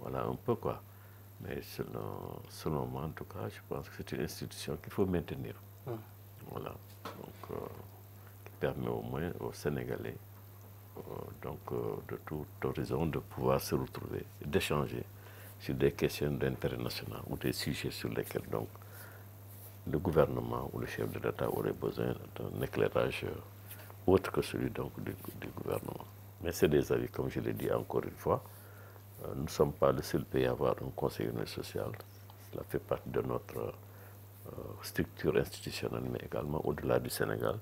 Voilà un peu quoi. Mais selon, selon moi, en tout cas, je pense que c'est une institution qu'il faut maintenir. Voilà. Euh, qui permet au moins aux Sénégalais, euh, donc de tout horizon, de pouvoir se retrouver, d'échanger sur des questions d'intérêt national ou des sujets sur lesquels donc le gouvernement ou le chef de l'État aurait besoin d'un éclairage autre que celui donc du, du gouvernement. Mais c'est des avis, comme je l'ai dit encore une fois. Euh, nous ne sommes pas le seul pays à avoir un conseil social. Cela fait partie de notre euh, structure institutionnelle, mais également au-delà du Sénégal.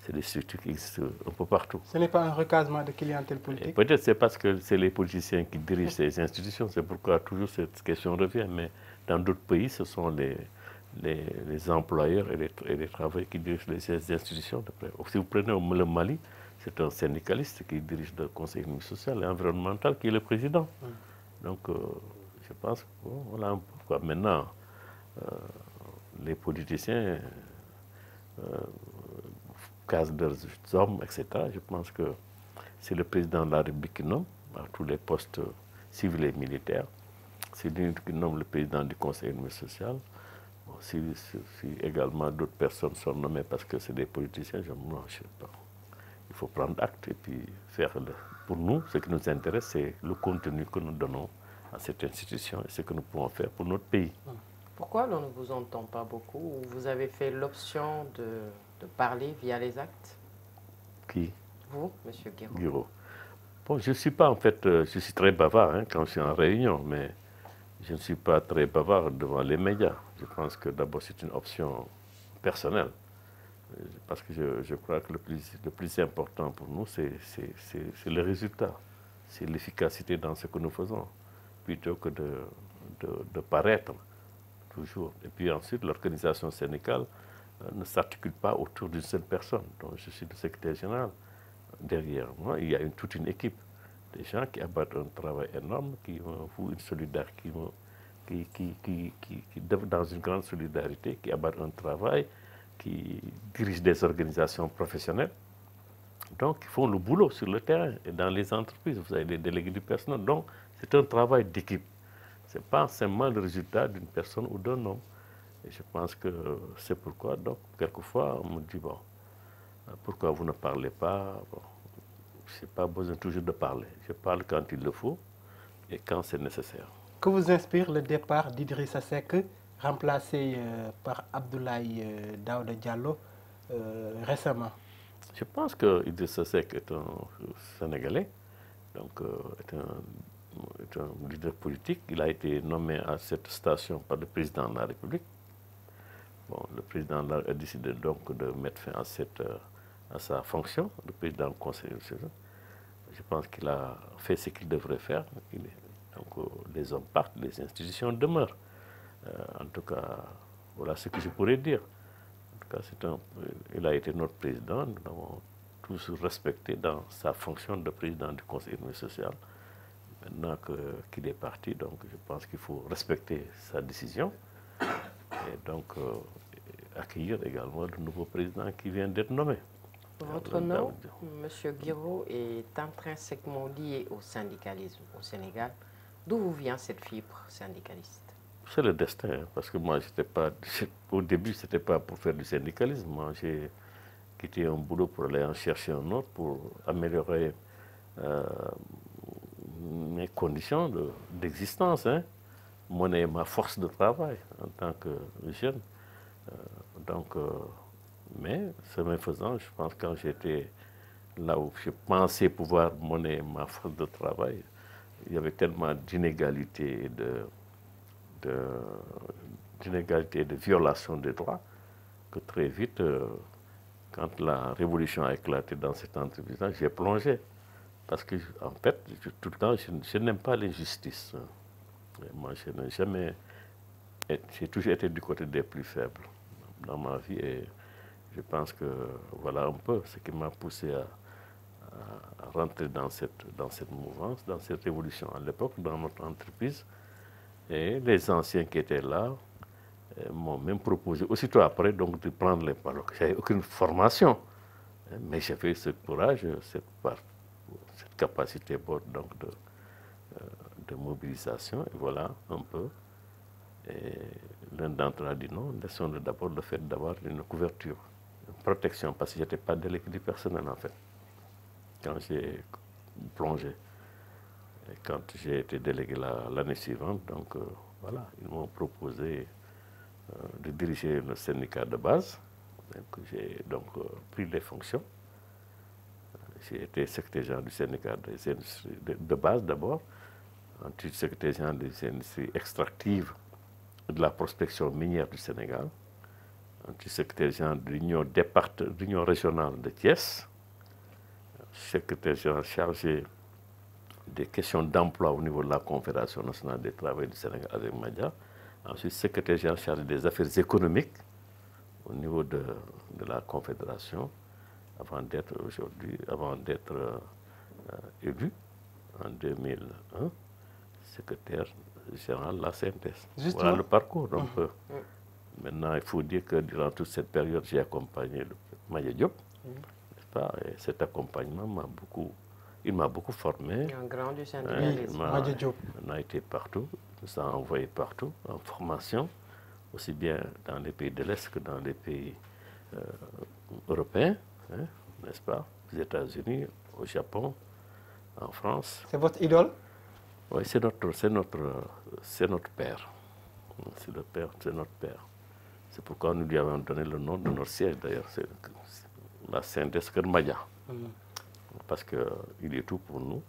C'est des structures qui existent un peu partout. Peut-être c'est parce que c'est les politiciens qui dirigent ces institutions. C'est pourquoi toujours cette question les, les employeurs et les, et les, travailleurs qui dirigent les, institutions de près. Si vous prenez le Mali, c'est un syndicaliste qui dirige le Conseil économique, social et environnemental qui est le président. Donc, euh, je pense qu'on voilà un peu quoi. Maintenant, euh, les politiciens euh, casent leurs hommes, etc. pense que c'est le président de la République qui nomme à tous les postes civils et militaires. C'est lui qui nomme le président du Conseil économique, social si, si, si, également d'autres personnes sont nommées parce que c'est des politiciens, je, non, je sais pas. Il faut prendre acte et puis faire le. Pour nous, ce qui nous intéresse, c'est le contenu que nous donnons à cette institution et ce que nous pouvons faire pour notre pays. Pourquoi l'on ne vous entend pas beaucoup Vous avez fait l'option de, de, parler via les actes Qui Vous, M. Guiraud. Guiraud. Bon, je ne suis pas, en fait, euh, je suis très bavard hein, quand je suis en réunion, mais je ne suis pas très bavard devant les médias. je pense que d'abord c'est une option personnelle, parce que je, je, crois que le plus, le plus important pour nous, c'est le résultat, c'est l'efficacité dans ce que nous faisons, plutôt que de, de, de paraître toujours. Et puis ensuite, l'organisation syndicale euh, ne s'articule pas autour d'une seule personne. Donc je suis le secrétaire général. Derrière moi, il y a une, toute une équipe des gens qui abattent un travail énorme, qui me font une solidarité, qui me qui, qui, qui, qui, dans une grande solidarité, qui abattent un travail, qui dirigent des organisations professionnelles. Donc, ils font le boulot sur le terrain et dans les entreprises. Vous avez des délégués du personnel. Donc, c'est un travail d'équipe. Ce n'est pas seulement le résultat d'une personne ou d'un homme. Et je pense que c'est pourquoi, donc, quelquefois, on me dit, bon, euh, pourquoi vous ne parlez pas bon, Je n'ai pas besoin toujours de parler. Je parle quand le faut et Que vous inspire le départ d'Idrissa Seck, remplacé euh, par Abdoulaye euh, Daouda Diallo euh, récemment Je pense que Idrissa Seck est un Sénégalais, donc euh, est un, est, un, leader politique. Il a été nommé à cette station par le président de la République. Bon, le président de la, a décidé donc de mettre fin à, cette, euh, à sa fonction, le président du Conseil Je pense qu'il a fait ce qu'il devrait faire. Il est Donc euh, les hommes partent, les institutions demeurent. Euh, en tout cas, voilà ce que je pourrais dire. En tout cas, un, il a été notre président, nous l'avons tous respecté dans sa fonction de président du Conseil économique social. Maintenant qu'il qu est parti, donc je pense qu'il faut respecter sa décision et donc euh, accueillir également le nouveau président qui vient d'être nommé. Votre nom, M. Guiraud, est intrinsèquement lié au syndicalisme au Sénégal. D'où vient cette fibre syndicaliste C'est le destin, hein, parce que moi, j'étais au début, ce pas pour faire du syndicalisme. Moi, j'ai quitté un boulot pour aller en chercher un autre, pour améliorer euh, mes conditions d'existence, de, hein, mon et ma force de travail en tant que jeune. Euh, donc, euh, mais, chemin faisant, je pense que quand j'étais là où je pensais pouvoir monnaie ma force de travail, il y avait tellement d'inégalités et de, de, d'inégalités et de violations des droits que très vite, euh, quand la révolution a éclaté dans cette entreprise-là, j'ai plongé. Parce que, en fait, je, tout le temps, je, je n'aime pas l'injustice. Moi, je n'ai jamais. J'ai toujours été du côté des plus faibles dans ma vie et je pense que voilà un peu ce qui m'a poussé à à, rentrer dans cette, dans cette mouvance, dans cette révolution à l'époque, dans notre entreprise. Et les anciens qui étaient là euh, m'ont même proposé, aussitôt après, donc, de prendre les paroles. J'avais aucune formation, mais j'avais ce courage, cette, part, cette donc, de, euh, de mobilisation. Et voilà un peu. L'un d'entre eux a dit non, laissons d'abord le fait d'avoir une couverture, une protection, parce que je n'étais pas délégué personnel en fait. quand j'ai plongé. Et quand j'ai été délégué l'année suivante, donc euh, voilà, ils m'ont proposé euh, de diriger le syndicat de base. Donc j'ai donc euh, pris les fonctions. J'ai été secrétaire général du syndicat des industries de, de base d'abord, ensuite secrétaire général des industries extractives de la prospection minière du Sénégal, ensuite secrétaire de l'union régionale de Thiès, secrétaire général chargé des questions d'emploi au niveau de la Confédération nationale des travailleurs du Sénégal avec Madia. Ensuite, secrétaire général chargé des affaires économiques au niveau de, de la Confédération avant d'être euh, élu en 2001, secrétaire la CNTS. Justement. Voilà le parcours. Donc, mmh. mmh. Maintenant, il faut dire que durant toute cette période, j'ai accompagné le Maïa Diop. Mmh. pas. Et cet accompagnement m'a beaucoup, il m'a beaucoup formé. Un grand du syndicalisme. Oui, on a été partout, nous a envoyé partout en formation, aussi bien dans les pays de l'Est que dans les pays euh, européens, n'est-ce hein, pas, aux États-Unis, au Japon, en France. C'est votre idole Oui, c'est notre, c'est notre, c'est notre père. C'est le père, c'est notre père. C'est pourquoi nous lui avons donné le nom de notre siège d'ailleurs. C'est, la CNTS Kër Mbadia. Mm. parce que il est tout pour nous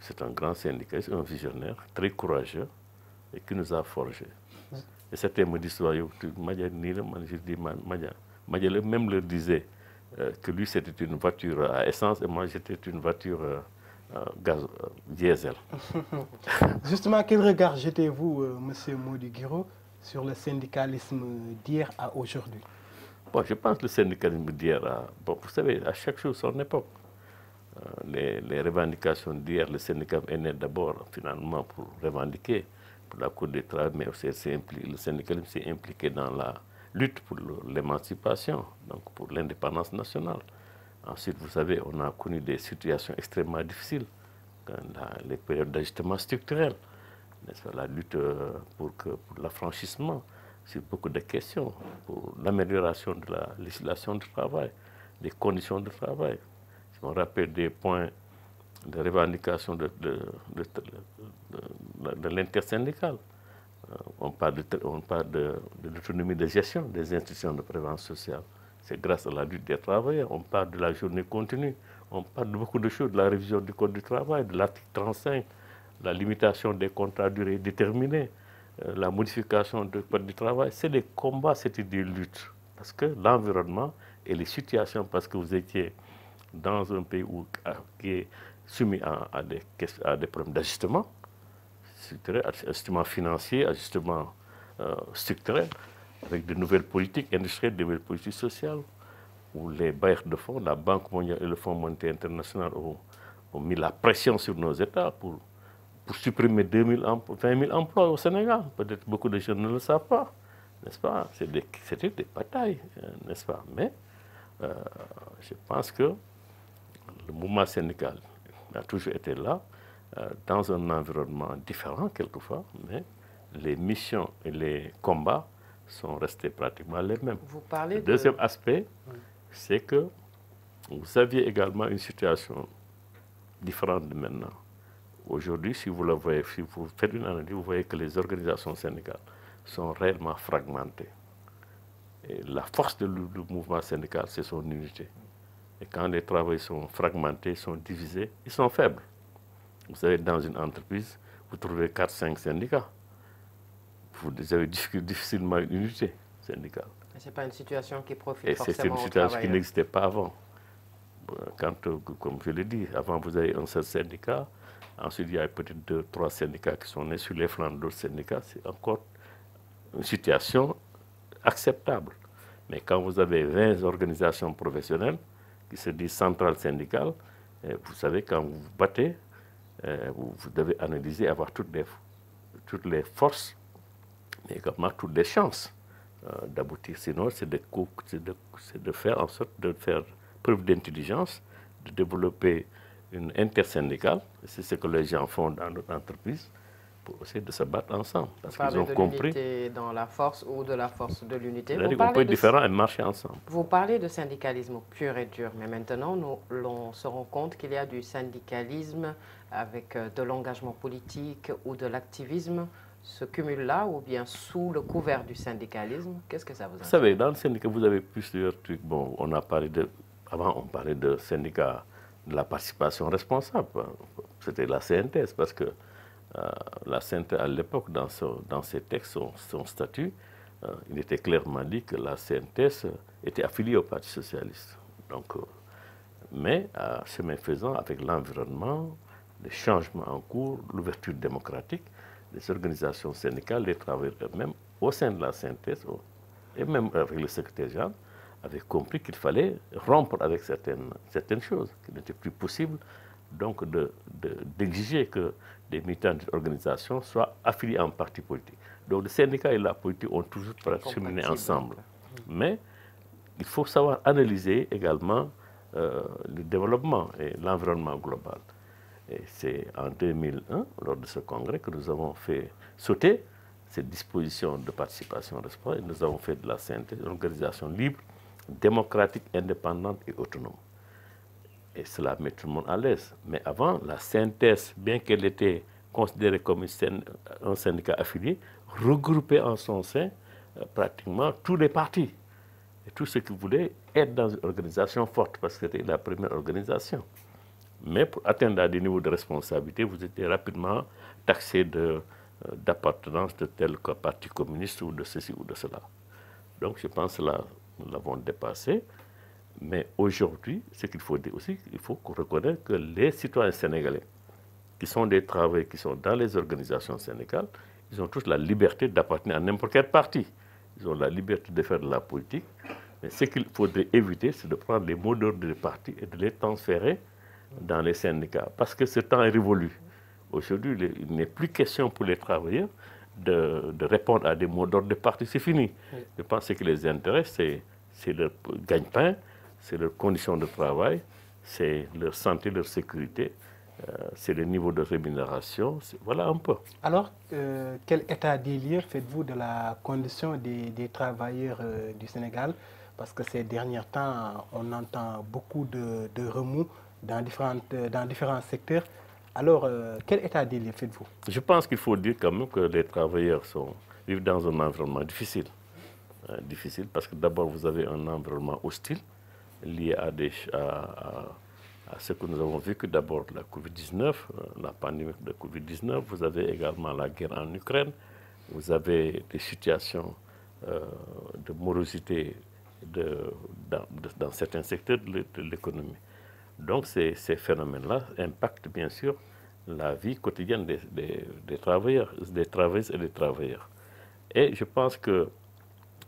c'est un grand syndicaliste un visionnaire très courageux et qui nous a forgé et certains me disent waaw yow Mbadia nii la man je même leur disait euh, que lui c'était une voiture à essence et moi j'étais une voiture euh, euh, gaz euh, diesel. quel regard jetez-vous euh, monsieur Mody sur le syndicalisme d'hier aujourd'hui Bon, je pense le syndicalisme d'hier, bon, vous savez, à chaque chose son époque. Les, les revendications d'hier, le syndicalisme est né d'abord finalement pour revendiquer la Cour des travail, mais aussi le syndicalisme s'est impliqué dans la lutte pour l'émancipation, donc pour l'indépendance nationale. Ensuite, vous savez, on a connu des situations extrêmement difficiles, la, les périodes d'ajustement structurel, la lutte euh, pour, que, pour l'affranchissement. sur beaucoup de questions, pour l'amélioration de la législation du travail, des conditions de travail. Si on rappelle des points de revendication de, de, de, de l'intersyndicale, euh, on parle de, l'autonomie de gestion des institutions de prévention sociale. C'est grâce à la lutte des travailleurs. On parle de la journée continue. On parle de beaucoup de choses, de la révision du Code du travail, de l'article 35, la limitation des contrats à durée déterminée. Euh, la modification de code du travail, c'est des combats, c'était des luttes. Parce que l'environnement et les situation parce que vous étiez dans un pays où, ah, qui est soumis à, à, des, à des, problèmes d'ajustement, ajustement financier, ajustement euh, structurel, avec de nouvelles politiques industrielles, de nouvelles politiques sociales, où les bailleurs de fonds, la Banque mondiale et le Fonds monétaire international ont, mis la pression sur nos États pour supprimer 2000 emplois, 20 000 emplois au Sénégal. Peut-être beaucoup de jeunes ne le savent pas, n'est-ce pas C'était des, des, batailles, euh, n'est-ce pas Mais euh, je pense que le mouvement syndical a toujours été là, euh, dans un environnement différent quelquefois, mais les missions et les combats sont restés pratiquement les mêmes. Vous parlez le deuxième aspect, oui. c'est que vous aviez également une situation différente de maintenant. Aujourd'hui, si vous le voyez, si vous faites une analyse, vous voyez que les organisations syndicales sont réellement fragmentées. Et la force du mouvement syndical, c'est son unité. Et quand les travailleurs sont fragmentés, sont divisés, ils sont faibles. Vous savez, dans une entreprise, vous trouvez syndicats. Vous avez difficilement une unité syndicale. Et c'est une situation qui n'existait pas avant. Quand, comme je l'ai dit, avant vous avez un seul syndicat, Ensuite, il y a peut-être deux, trois syndicats qui sur les flancs d'autres syndicats. C'est encore une situation acceptable. Mais quand vous avez 20 organisations professionnelles qui se disent centrales syndicales, eh, vous savez, quand vous vous battez, eh, vous, devez analyser, avoir toutes les, toutes les forces, mais également toutes les chances euh, d'aboutir. Sinon, c'est de, de, de, faire de faire preuve d'intelligence, de développer une intersyndicale, c'est ce que les gens font dans notre entreprise, pour essayer de se battre ensemble. Parce qu'ils ont de compris. dans la force ou de la force de l'unité. On peut être différent et marcher ensemble. Vous parlez de syndicalisme pur et dur, mais maintenant, nous, on se rend compte qu'il y a du syndicalisme avec euh, de l'engagement politique ou de l'activisme. Ce cumul-là, ou bien sous le couvert du syndicalisme, qu'est-ce que ça vous intéresse Vous savez, dans le syndicat, vous avez plusieurs trucs. Bon, on a parlé de. Avant, on parlait de syndicats la participation responsable. C'était la CNTS, parce que euh, la CNTS, à l'époque, dans, son, dans ses textes, son, son statut, euh, il était clairement dit que la CNTS était affiliée au Parti socialiste. Donc, euh, mais, chemin faisant, avec l'environnement, les changements en cours, l'ouverture démocratique, les organisations syndicales, les travailleurs eux-mêmes, au sein de la CNTS, et même avec le secrétaire général, avait compris qu'il fallait rompre avec certaines, certaines choses, qu'il n'était plus possible donc d'exiger de, de, que des militants d'organisation soient affiliés à un parti politique. Donc le syndicat et la politique ont toujours cheminé ensemble. Mais il faut savoir analyser également euh, le développement et l'environnement global. Et c'est en 2001, lors de ce congrès, que nous avons fait sauter cette disposition de participation responsable. Nous avons fait de la synthèse, l'organisation libre, démocratique, indépendante et autonome. Et cela met tout le monde à l'aise. Mais avant, la synthèse, bien qu'elle était considérée comme un syndicat affilié, regroupait en son sein euh, pratiquement tous les partis et tous ceux qui voulaient être dans une organisation forte, parce que c'était la première organisation. Mais pour atteindre à des niveaux de responsabilité, vous étiez rapidement taxé euh, d'appartenance de, euh, tel que parti communiste ou de ceci ou de cela. Donc je pense là, nous l'avons dépassé. Mais aujourd'hui, ce qu'il faut dire aussi, il faut reconnaître que les citoyens sénégalais, qui sont des travailleurs, qui sont dans les organisations sénégales, ils ont tous la liberté d'appartenir à n'importe quel parti. Ils ont la liberté de faire de la politique. Mais ce qu'il faudrait éviter, c'est de prendre les mots d'ordre des partis et de les transférer dans les syndicats. Parce que ce temps est révolu. Aujourd'hui, il n'est question pour les de, de répondre à des mots d'ordre de parti, c'est fini. Oui. Je pense que ce qui les intéresse, c'est leur gagne-pain, c'est leurs conditions de travail, c'est leur santé, leur sécurité, euh, c'est le niveau de rémunération, voilà un peu. Alors, euh, quel état des lieux faites-vous de la condition des, des travailleurs euh, du Sénégal Parce que ces derniers temps, on entend beaucoup de, de remous dans, différentes, euh, dans différents secteurs. Alors, euh, quel état Je pense qu'il faut dire quand même que les travailleurs euh, parce que d'abord, vous avez un environnement hostile à, des, à, à, à ce que nous avons vécu. D'abord, la Covid-19, euh, la de Covid-19. Vous avez également la guerre en Ukraine. Vous avez euh, de morosité de, dans, secteurs de l'économie. Donc ces, ces phénomènes-là impactent bien sûr la vie quotidienne des, des, des travailleurs, des travailleuses et des travailleurs. Et je pense que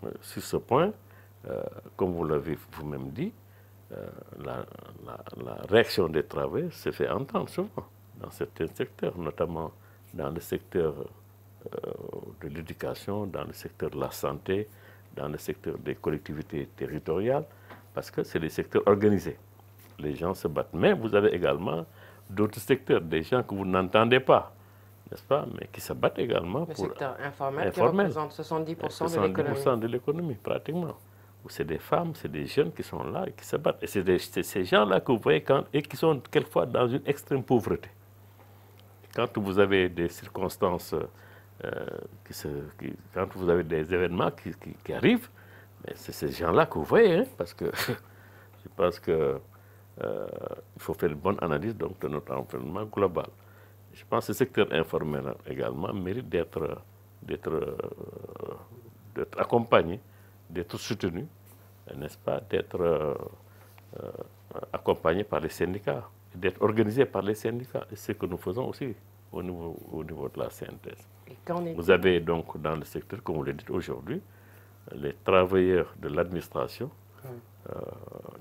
euh, sur ce point, euh, comme vous l'avez vous-même dit, euh, la, la, la, réaction des travailleurs se fait entendre souvent dans certains secteurs, notamment dans le secteur euh, de l'éducation, dans le secteur de la santé, dans le secteur des collectivités territoriales, parce que c'est des secteurs organisés. les gens se battent. Mais vous avez également d'autres secteurs, des gens que vous n'entendez pas, n'est-ce pas, mais qui se battent également Le pour... Le secteur informel, informel, qui représente 70%, 70 de l'économie. pratiquement. C'est des femmes, c'est des jeunes qui sont là et qui se battent. Et c'est ces gens-là que vous voyez quand, et qui sont quelquefois dans une extrême pauvreté. Quand vous avez des circonstances, euh, qui se, qui, quand vous avez des événements qui, qui arrivent, c'est ces gens-là que vous voyez, hein, parce que je pense que Euh, il faut faire une bonne analyse donc, de notre environnement global. Je pense que le secteur informel également mérite d'être euh, accompagné, d'être soutenu, n'est-ce pas, d'être euh, accompagné par les syndicats, d'être organisé par les syndicats. C'est ce que nous faisons aussi au niveau, au niveau de la synthèse. Vous avez donc dans le secteur, comme vous le dites aujourd'hui, les travailleurs de l'administration, Euh,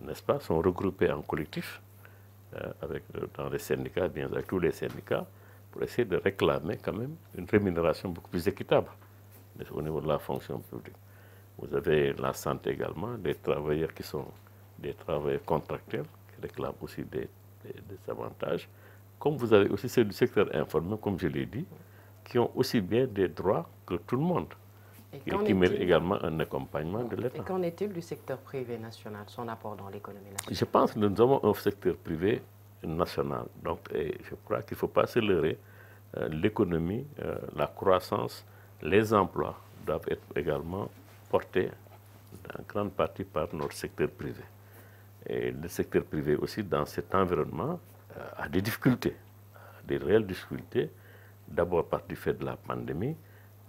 n'est-ce pas, sont regroupés en collectif, euh, euh, dans les syndicats, eh bien avec tous les syndicats, pour essayer de réclamer quand même une rémunération beaucoup plus équitable au niveau de la fonction publique. Vous avez la santé également, des travailleurs qui sont des travailleurs contractuels, qui réclament aussi des, des, des avantages, comme vous avez aussi ceux du secteur informel, comme je l'ai dit, qui ont aussi bien des droits que tout le monde. et, et qui mérite également un accompagnement de l'État. Et qu'en est-il du secteur privé national, son apport dans l'économie nationale Je pense que nous avons un secteur privé national. Donc, je crois qu'il ne faut pas se leurrer. Euh, L'économie, euh, la croissance, les emplois doivent être également portés en grande partie par notre secteur privé. Et le secteur privé aussi, dans cet environnement, euh, a des difficultés, des réelles difficultés, d'abord par du fait de la pandémie,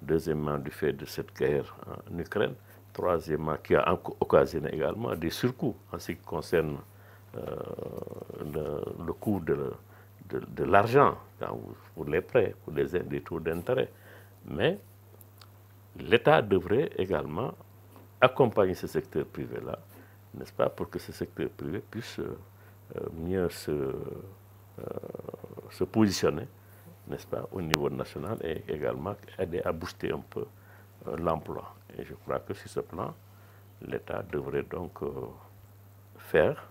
deuxièmement du fait de cette guerre en Ukraine, troisièmement qui a occasionné également des surcoûts en ce qui concerne euh, le, le, coût de, de, de l'argent pour les prêts, pour les, les taux d'intérêt. Mais l'État devrait également accompagner ce secteur privé-là, n'est-ce pas, pour que ce secteur privé puisse euh, mieux se euh, positionner n'est-ce pas, au niveau national et également aider à booster un peu euh, l'emploi. Et je crois que sur ce plan, l'État devrait donc euh, faire,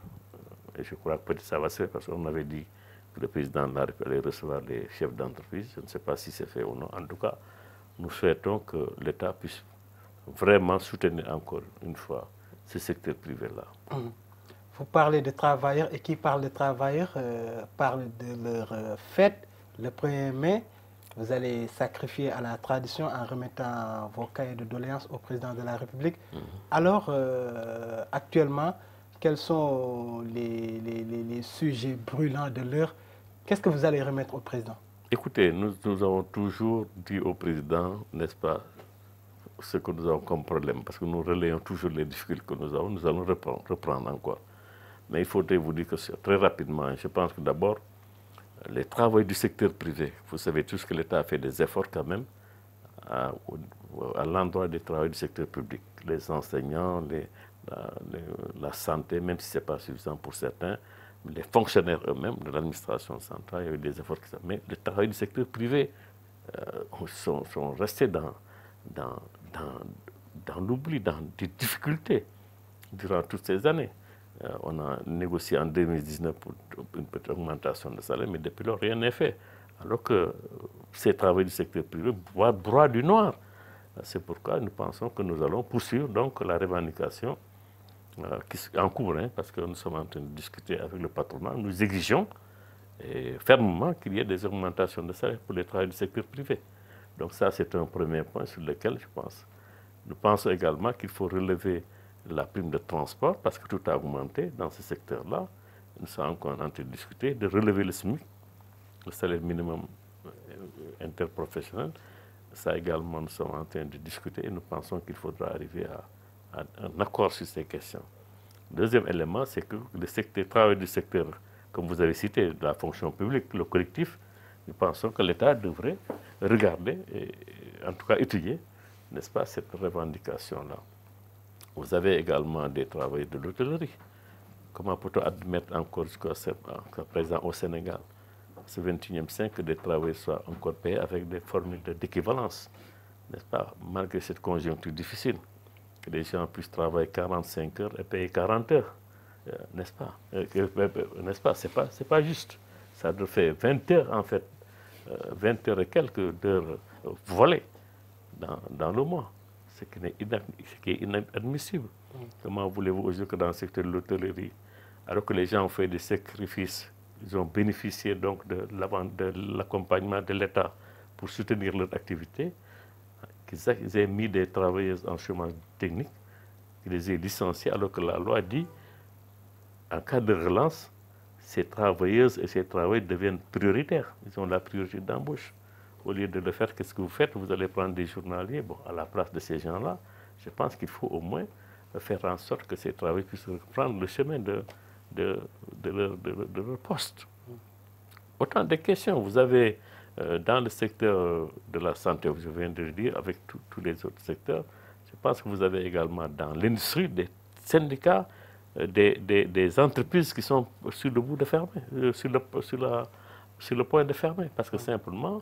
euh, et je crois que peut-être ça va se faire, parce qu'on avait dit que le président de la République allait recevoir les chefs d'entreprise, je ne sais pas si c'est fait ou non. En tout cas, nous souhaitons que l'État puisse vraiment soutenir encore une fois ce secteur privé-là. Mmh. Vous parlez de travailleurs, et qui parle de travailleurs euh, parle de leur euh, fête Le 1er mai, vous allez sacrifier à la tradition en remettant vos cahiers de doléances au président de la République. Mmh. Alors, euh, actuellement, quels sont les, les, les, les sujets brûlants de l'heure Qu'est-ce que vous allez remettre au président Écoutez, nous, nous avons toujours dit au président, n'est-ce pas, ce que nous avons comme problème, parce que nous relayons toujours les difficultés que nous avons, nous allons reprendre, reprendre encore. Mais il faudrait vous dire que très rapidement, je pense que d'abord, les travaux du secteur privé, vous savez tous que l'État a fait des efforts quand même euh, à, à l'endroit des travaux du secteur public. Les enseignants, les, la, les, la santé, même si ce n'est pas suffisant pour certains, les fonctionnaires eux-mêmes de l'administration centrale, il y a eu des efforts qui sont Mais les travailleurs du secteur privé euh, sont, sont, restés dans, dans, dans, dans l'oubli, dans des difficultés durant toutes ces années. Euh, on a négocié en pour une petite augmentation de salaire, mais depuis lors, rien n'est fait. Alors que euh, ces travailleurs du secteur privé voient du noir. Euh, c'est pourquoi nous pensons que nous allons poursuivre la revendication en cours, parce que nous sommes en train de discuter avec le patronat. Nous exigeons et fermement qu'il y ait des augmentations de salaire pour les travailleurs du secteur privé. Donc ça, c'est un premier point sur lequel je pense. Nous pensons la prime de transport, parce que tout a augmenté dans ce secteur-là. Nous sommes encore en train de discuter de relever le SMIC, le salaire minimum euh, interprofessionnel. Ça également, nous sommes en train de discuter et nous pensons qu'il faudra arriver à, à, un accord sur ces questions. Deuxième élément, c'est que le, travail du secteur, comme vous avez cité, de la fonction publique, le collectif, nous pensons que l'État devrait regarder, et, en tout cas étudier, n'est-ce pas, cette Vous avez également des travailleurs de l'hôtellerie. Comment peut-on admettre encore jusqu'à présent au Sénégal, ce 21e siècle, que des travailleurs soient encore payés avec des formules d'équivalence, n'est-ce pas, malgré cette conjoncture difficile, que les gens puissent travailler 45 heures et payer 40 heures, euh, n'est-ce pas en fait, 20 euh, heures et quelques d'heures volées dans, le mois. ce qui n'est ina ce qui est inadmissible. Mm. Comment voulez-vous aujourd'hui que dans le secteur de l'hôtellerie, alors que les gens ont fait des sacrifices, ils ont bénéficié donc de l'accompagnement de l'État pour soutenir leur activité, qu'ils aient mis des travailleuses en chômage technique, qu'ils les aient licenciés, alors que la loi dit, en cas de relance, ces travailleuses et ces travailleurs deviennent prioritaires. Ils ont la priorité d'embauche. au lieu de le faire, qu'est-ce que vous faites Vous allez prendre des journaliers bon, à la place de ces gens-là. Je pense qu'il faut au moins faire en sorte que ces travailleurs puissent reprendre le chemin de, de, de, leur, de, leur, poste. Mm. Autant de questions. Vous avez euh, dans le secteur euh, de la santé, je viens de le dire, avec tout, tous les autres secteurs, je pense que vous avez également dans l'industrie des syndicats, euh, des, des, des, entreprises qui sont sur le bout de fermer, euh, sur, le, sur, la, sur le point de fermer. Parce que mm. simplement,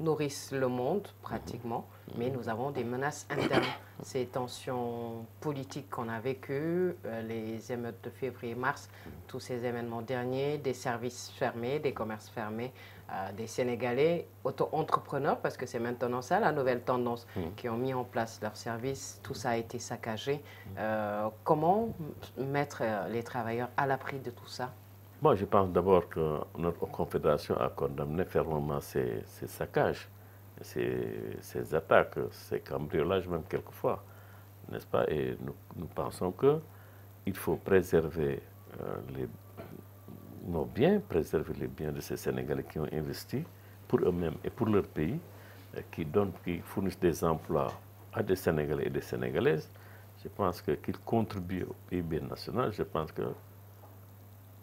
nourrissent le monde pratiquement, mhm. mais nous avons des menaces internes. Ces tensions politiques qu'on a vécues, euh, les émeutes de février-mars, tous ces événements derniers, des services fermés, des commerces fermés, euh, des Sénégalais auto-entrepreneurs, parce que c'est maintenant ça la nouvelle tendance, mmh. qui ont mis en place leurs services, tout ça a été saccagé. Mm. Euh, comment mettre euh, les travailleurs à l'abri de tout ça Moi, je pense d'abord que notre Confédération a condamné fermement ces, ces saccages, ces, ces, attaques, ces cambriolages même quelquefois, n'est-ce pas Et nous, nous pensons qu'il faut préserver euh, les, nos biens, préserver les biens de ces Sénégalais qui ont investi pour eux-mêmes et pour leur pays, euh, qui, donnent, qui fournissent des emplois à des Sénégalais et des Sénégalaises. Je pense qu'ils qu contribuent au PIB national. Je pense que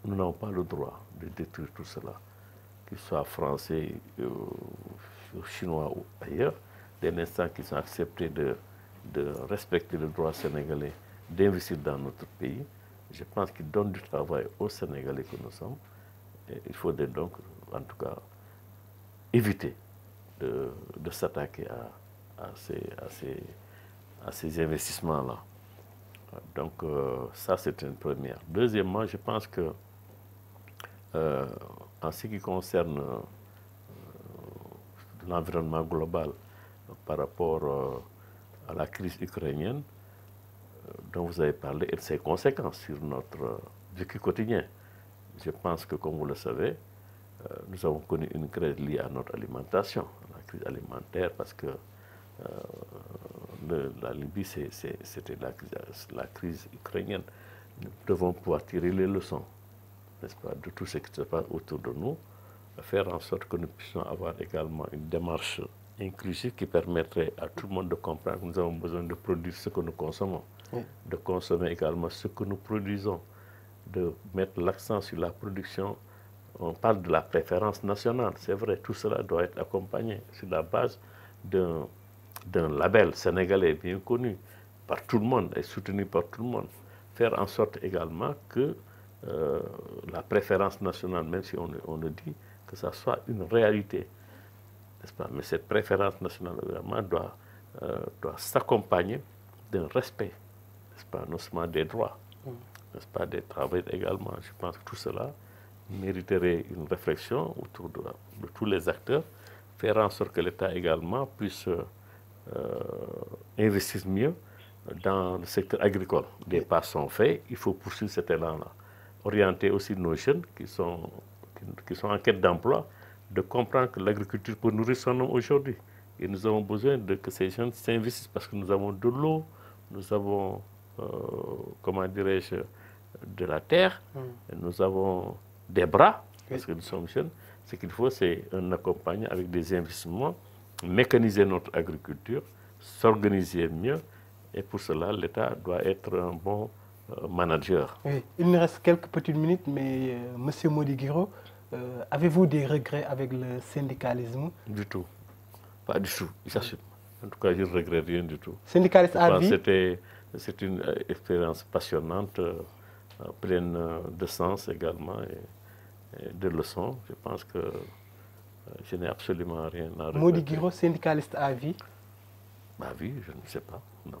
nous n'avons pas le droit de détruire tout cela, qu'ils soient français, euh, chinois ou ailleurs, dès l'instant qu'ils ont accepté de, de respecter le droit sénégalais d'investir dans notre pays, je pense qu'ils donnent du travail aux Sénégalais que nous sommes. Et il faudrait donc, en tout cas, éviter de, de s'attaquer à, à, ces, à, ces, à ces investissements-là. Donc euh, ça, c'est une première. Deuxièmement, je pense que euh, en ce qui concerne euh, l'environnement global par rapport euh, à la crise ukrainienne euh, dont vous avez parlé et de ses conséquences sur notre vécu quotidien. Je pense que, comme vous le savez, nous avons connu une crise liée à notre alimentation, à la crise alimentaire, parce que euh, le, la Libye, c'était la, la crise ukrainienne. Nous devons pouvoir tirer les leçons n'est-ce pas, de tout ce qui se passe autour de nous, faire en sorte que nous puissions avoir également une démarche inclusive qui permettrait à tout le monde de comprendre que nous avons besoin de produire ce que nous consommons, oui. de consommer également ce que nous produisons, de mettre l'accent sur la production. On parle de la préférence nationale, c'est vrai, tout cela doit être accompagné sur la base d'un label sénégalais bien connu par tout le monde et soutenu par tout le monde. Faire en sorte également que euh, la préférence nationale, même si on, on, le dit, que ça soit une réalité. N'est-ce pas Mais cette préférence nationale, évidemment, doit, euh, doit s'accompagner d'un respect, n'est-ce pas, non seulement des droits, mm. n'est-ce pas, des travailleurs également. Je pense que tout cela mériterait une réflexion autour de, de tous les acteurs, faire en sorte que l'État également puisse euh, euh investir mieux dans le secteur agricole. Des pas sont faits, il faut poursuivre cet élan-là. orienter aussi nos jeunes qui sont, qui, d'emploi de comprendre que l'agriculture peut nourrir son homme aujourd'hui. Et nous avons besoin de que ces jeunes s'investissent parce que nous avons de l'eau, nous avons, euh, comment dirais-je, de la terre, hmm. nous avons des bras, parce oui. que nous sommes jeunes. Ce c'est un accompagnement avec des investissements, mécaniser notre agriculture, s'organiser mieux. Et pour cela, l'État doit être un bon Euh, manager. Oui. Il nous reste quelques petites minutes, mais euh, Monsieur Modigiro, euh, avez-vous des regrets avec le syndicalisme Du tout. Pas du tout. Il s'assume. En tout cas, je ne regrette rien du tout. Syndicaliste à vie C'était c'est une euh, expérience passionnante, euh, euh pleine de sens également et, et, de leçons. Je pense que je n'ai absolument rien à regretter. Modigiro, syndicaliste à vie À vie, je ne sais pas, non.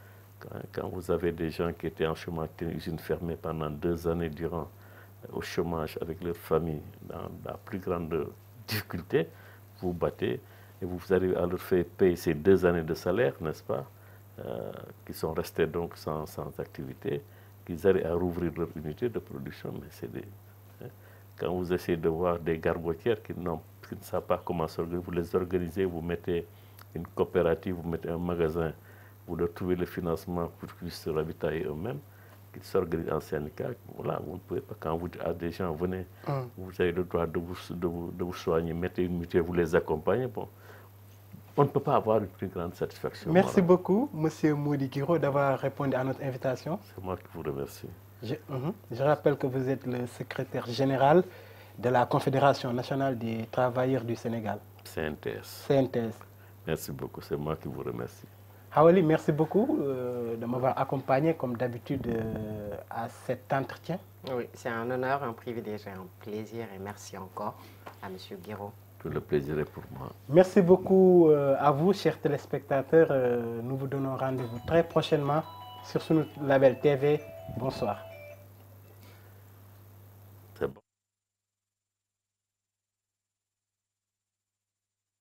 Quand, quand vous avez des gens qui étaient en chômage, qui étaient usine fermée pendant deux années durant euh, au chômage avec leur famille dans la plus grande difficulté, vous battez et vous arrivez à leur faire payer ces deux années de salaire, n'est-ce pas, euh, qui sont restés donc sans, sans activité, qu'ils arrivent à rouvrir leur unité de production, mais c'est des... Hein. Quand vous essayez de voir des gargotières qui, qui ne savent pas comment s'organiser, vous les organisez, vous mettez une coopérative, vous mettez un pour leur trouver le financement pour qu'ils se ravitailler eux-mêmes, qu'ils s'organisent en syndicat. Voilà, vous ne a pas, quand vous dites ah, venez, ah. vous avez le droit de vous, de vous, une mutuelle, vous les accompagnez. Bon, on peut pas avoir une plus grande satisfaction. Merci beaucoup, M. Moudi Giro, d'avoir répondu à notre invitation. C'est moi qui vous remercie. Mhm. Je, rappelle que vous êtes le secrétaire général de la Confédération nationale des travailleurs du Sénégal. CNTS. Merci Hawali, ah merci beaucoup euh, de m'avoir accompagné comme d'habitude euh, à cet entretien. Oui, c'est un honneur, un privilège, un plaisir et merci encore à M. Guiraud. le plaisir Merci beaucoup euh, à vous, chers téléspectateurs. Euh, nous vous donnons rendez-vous très prochainement sur notre label TV. Bonsoir.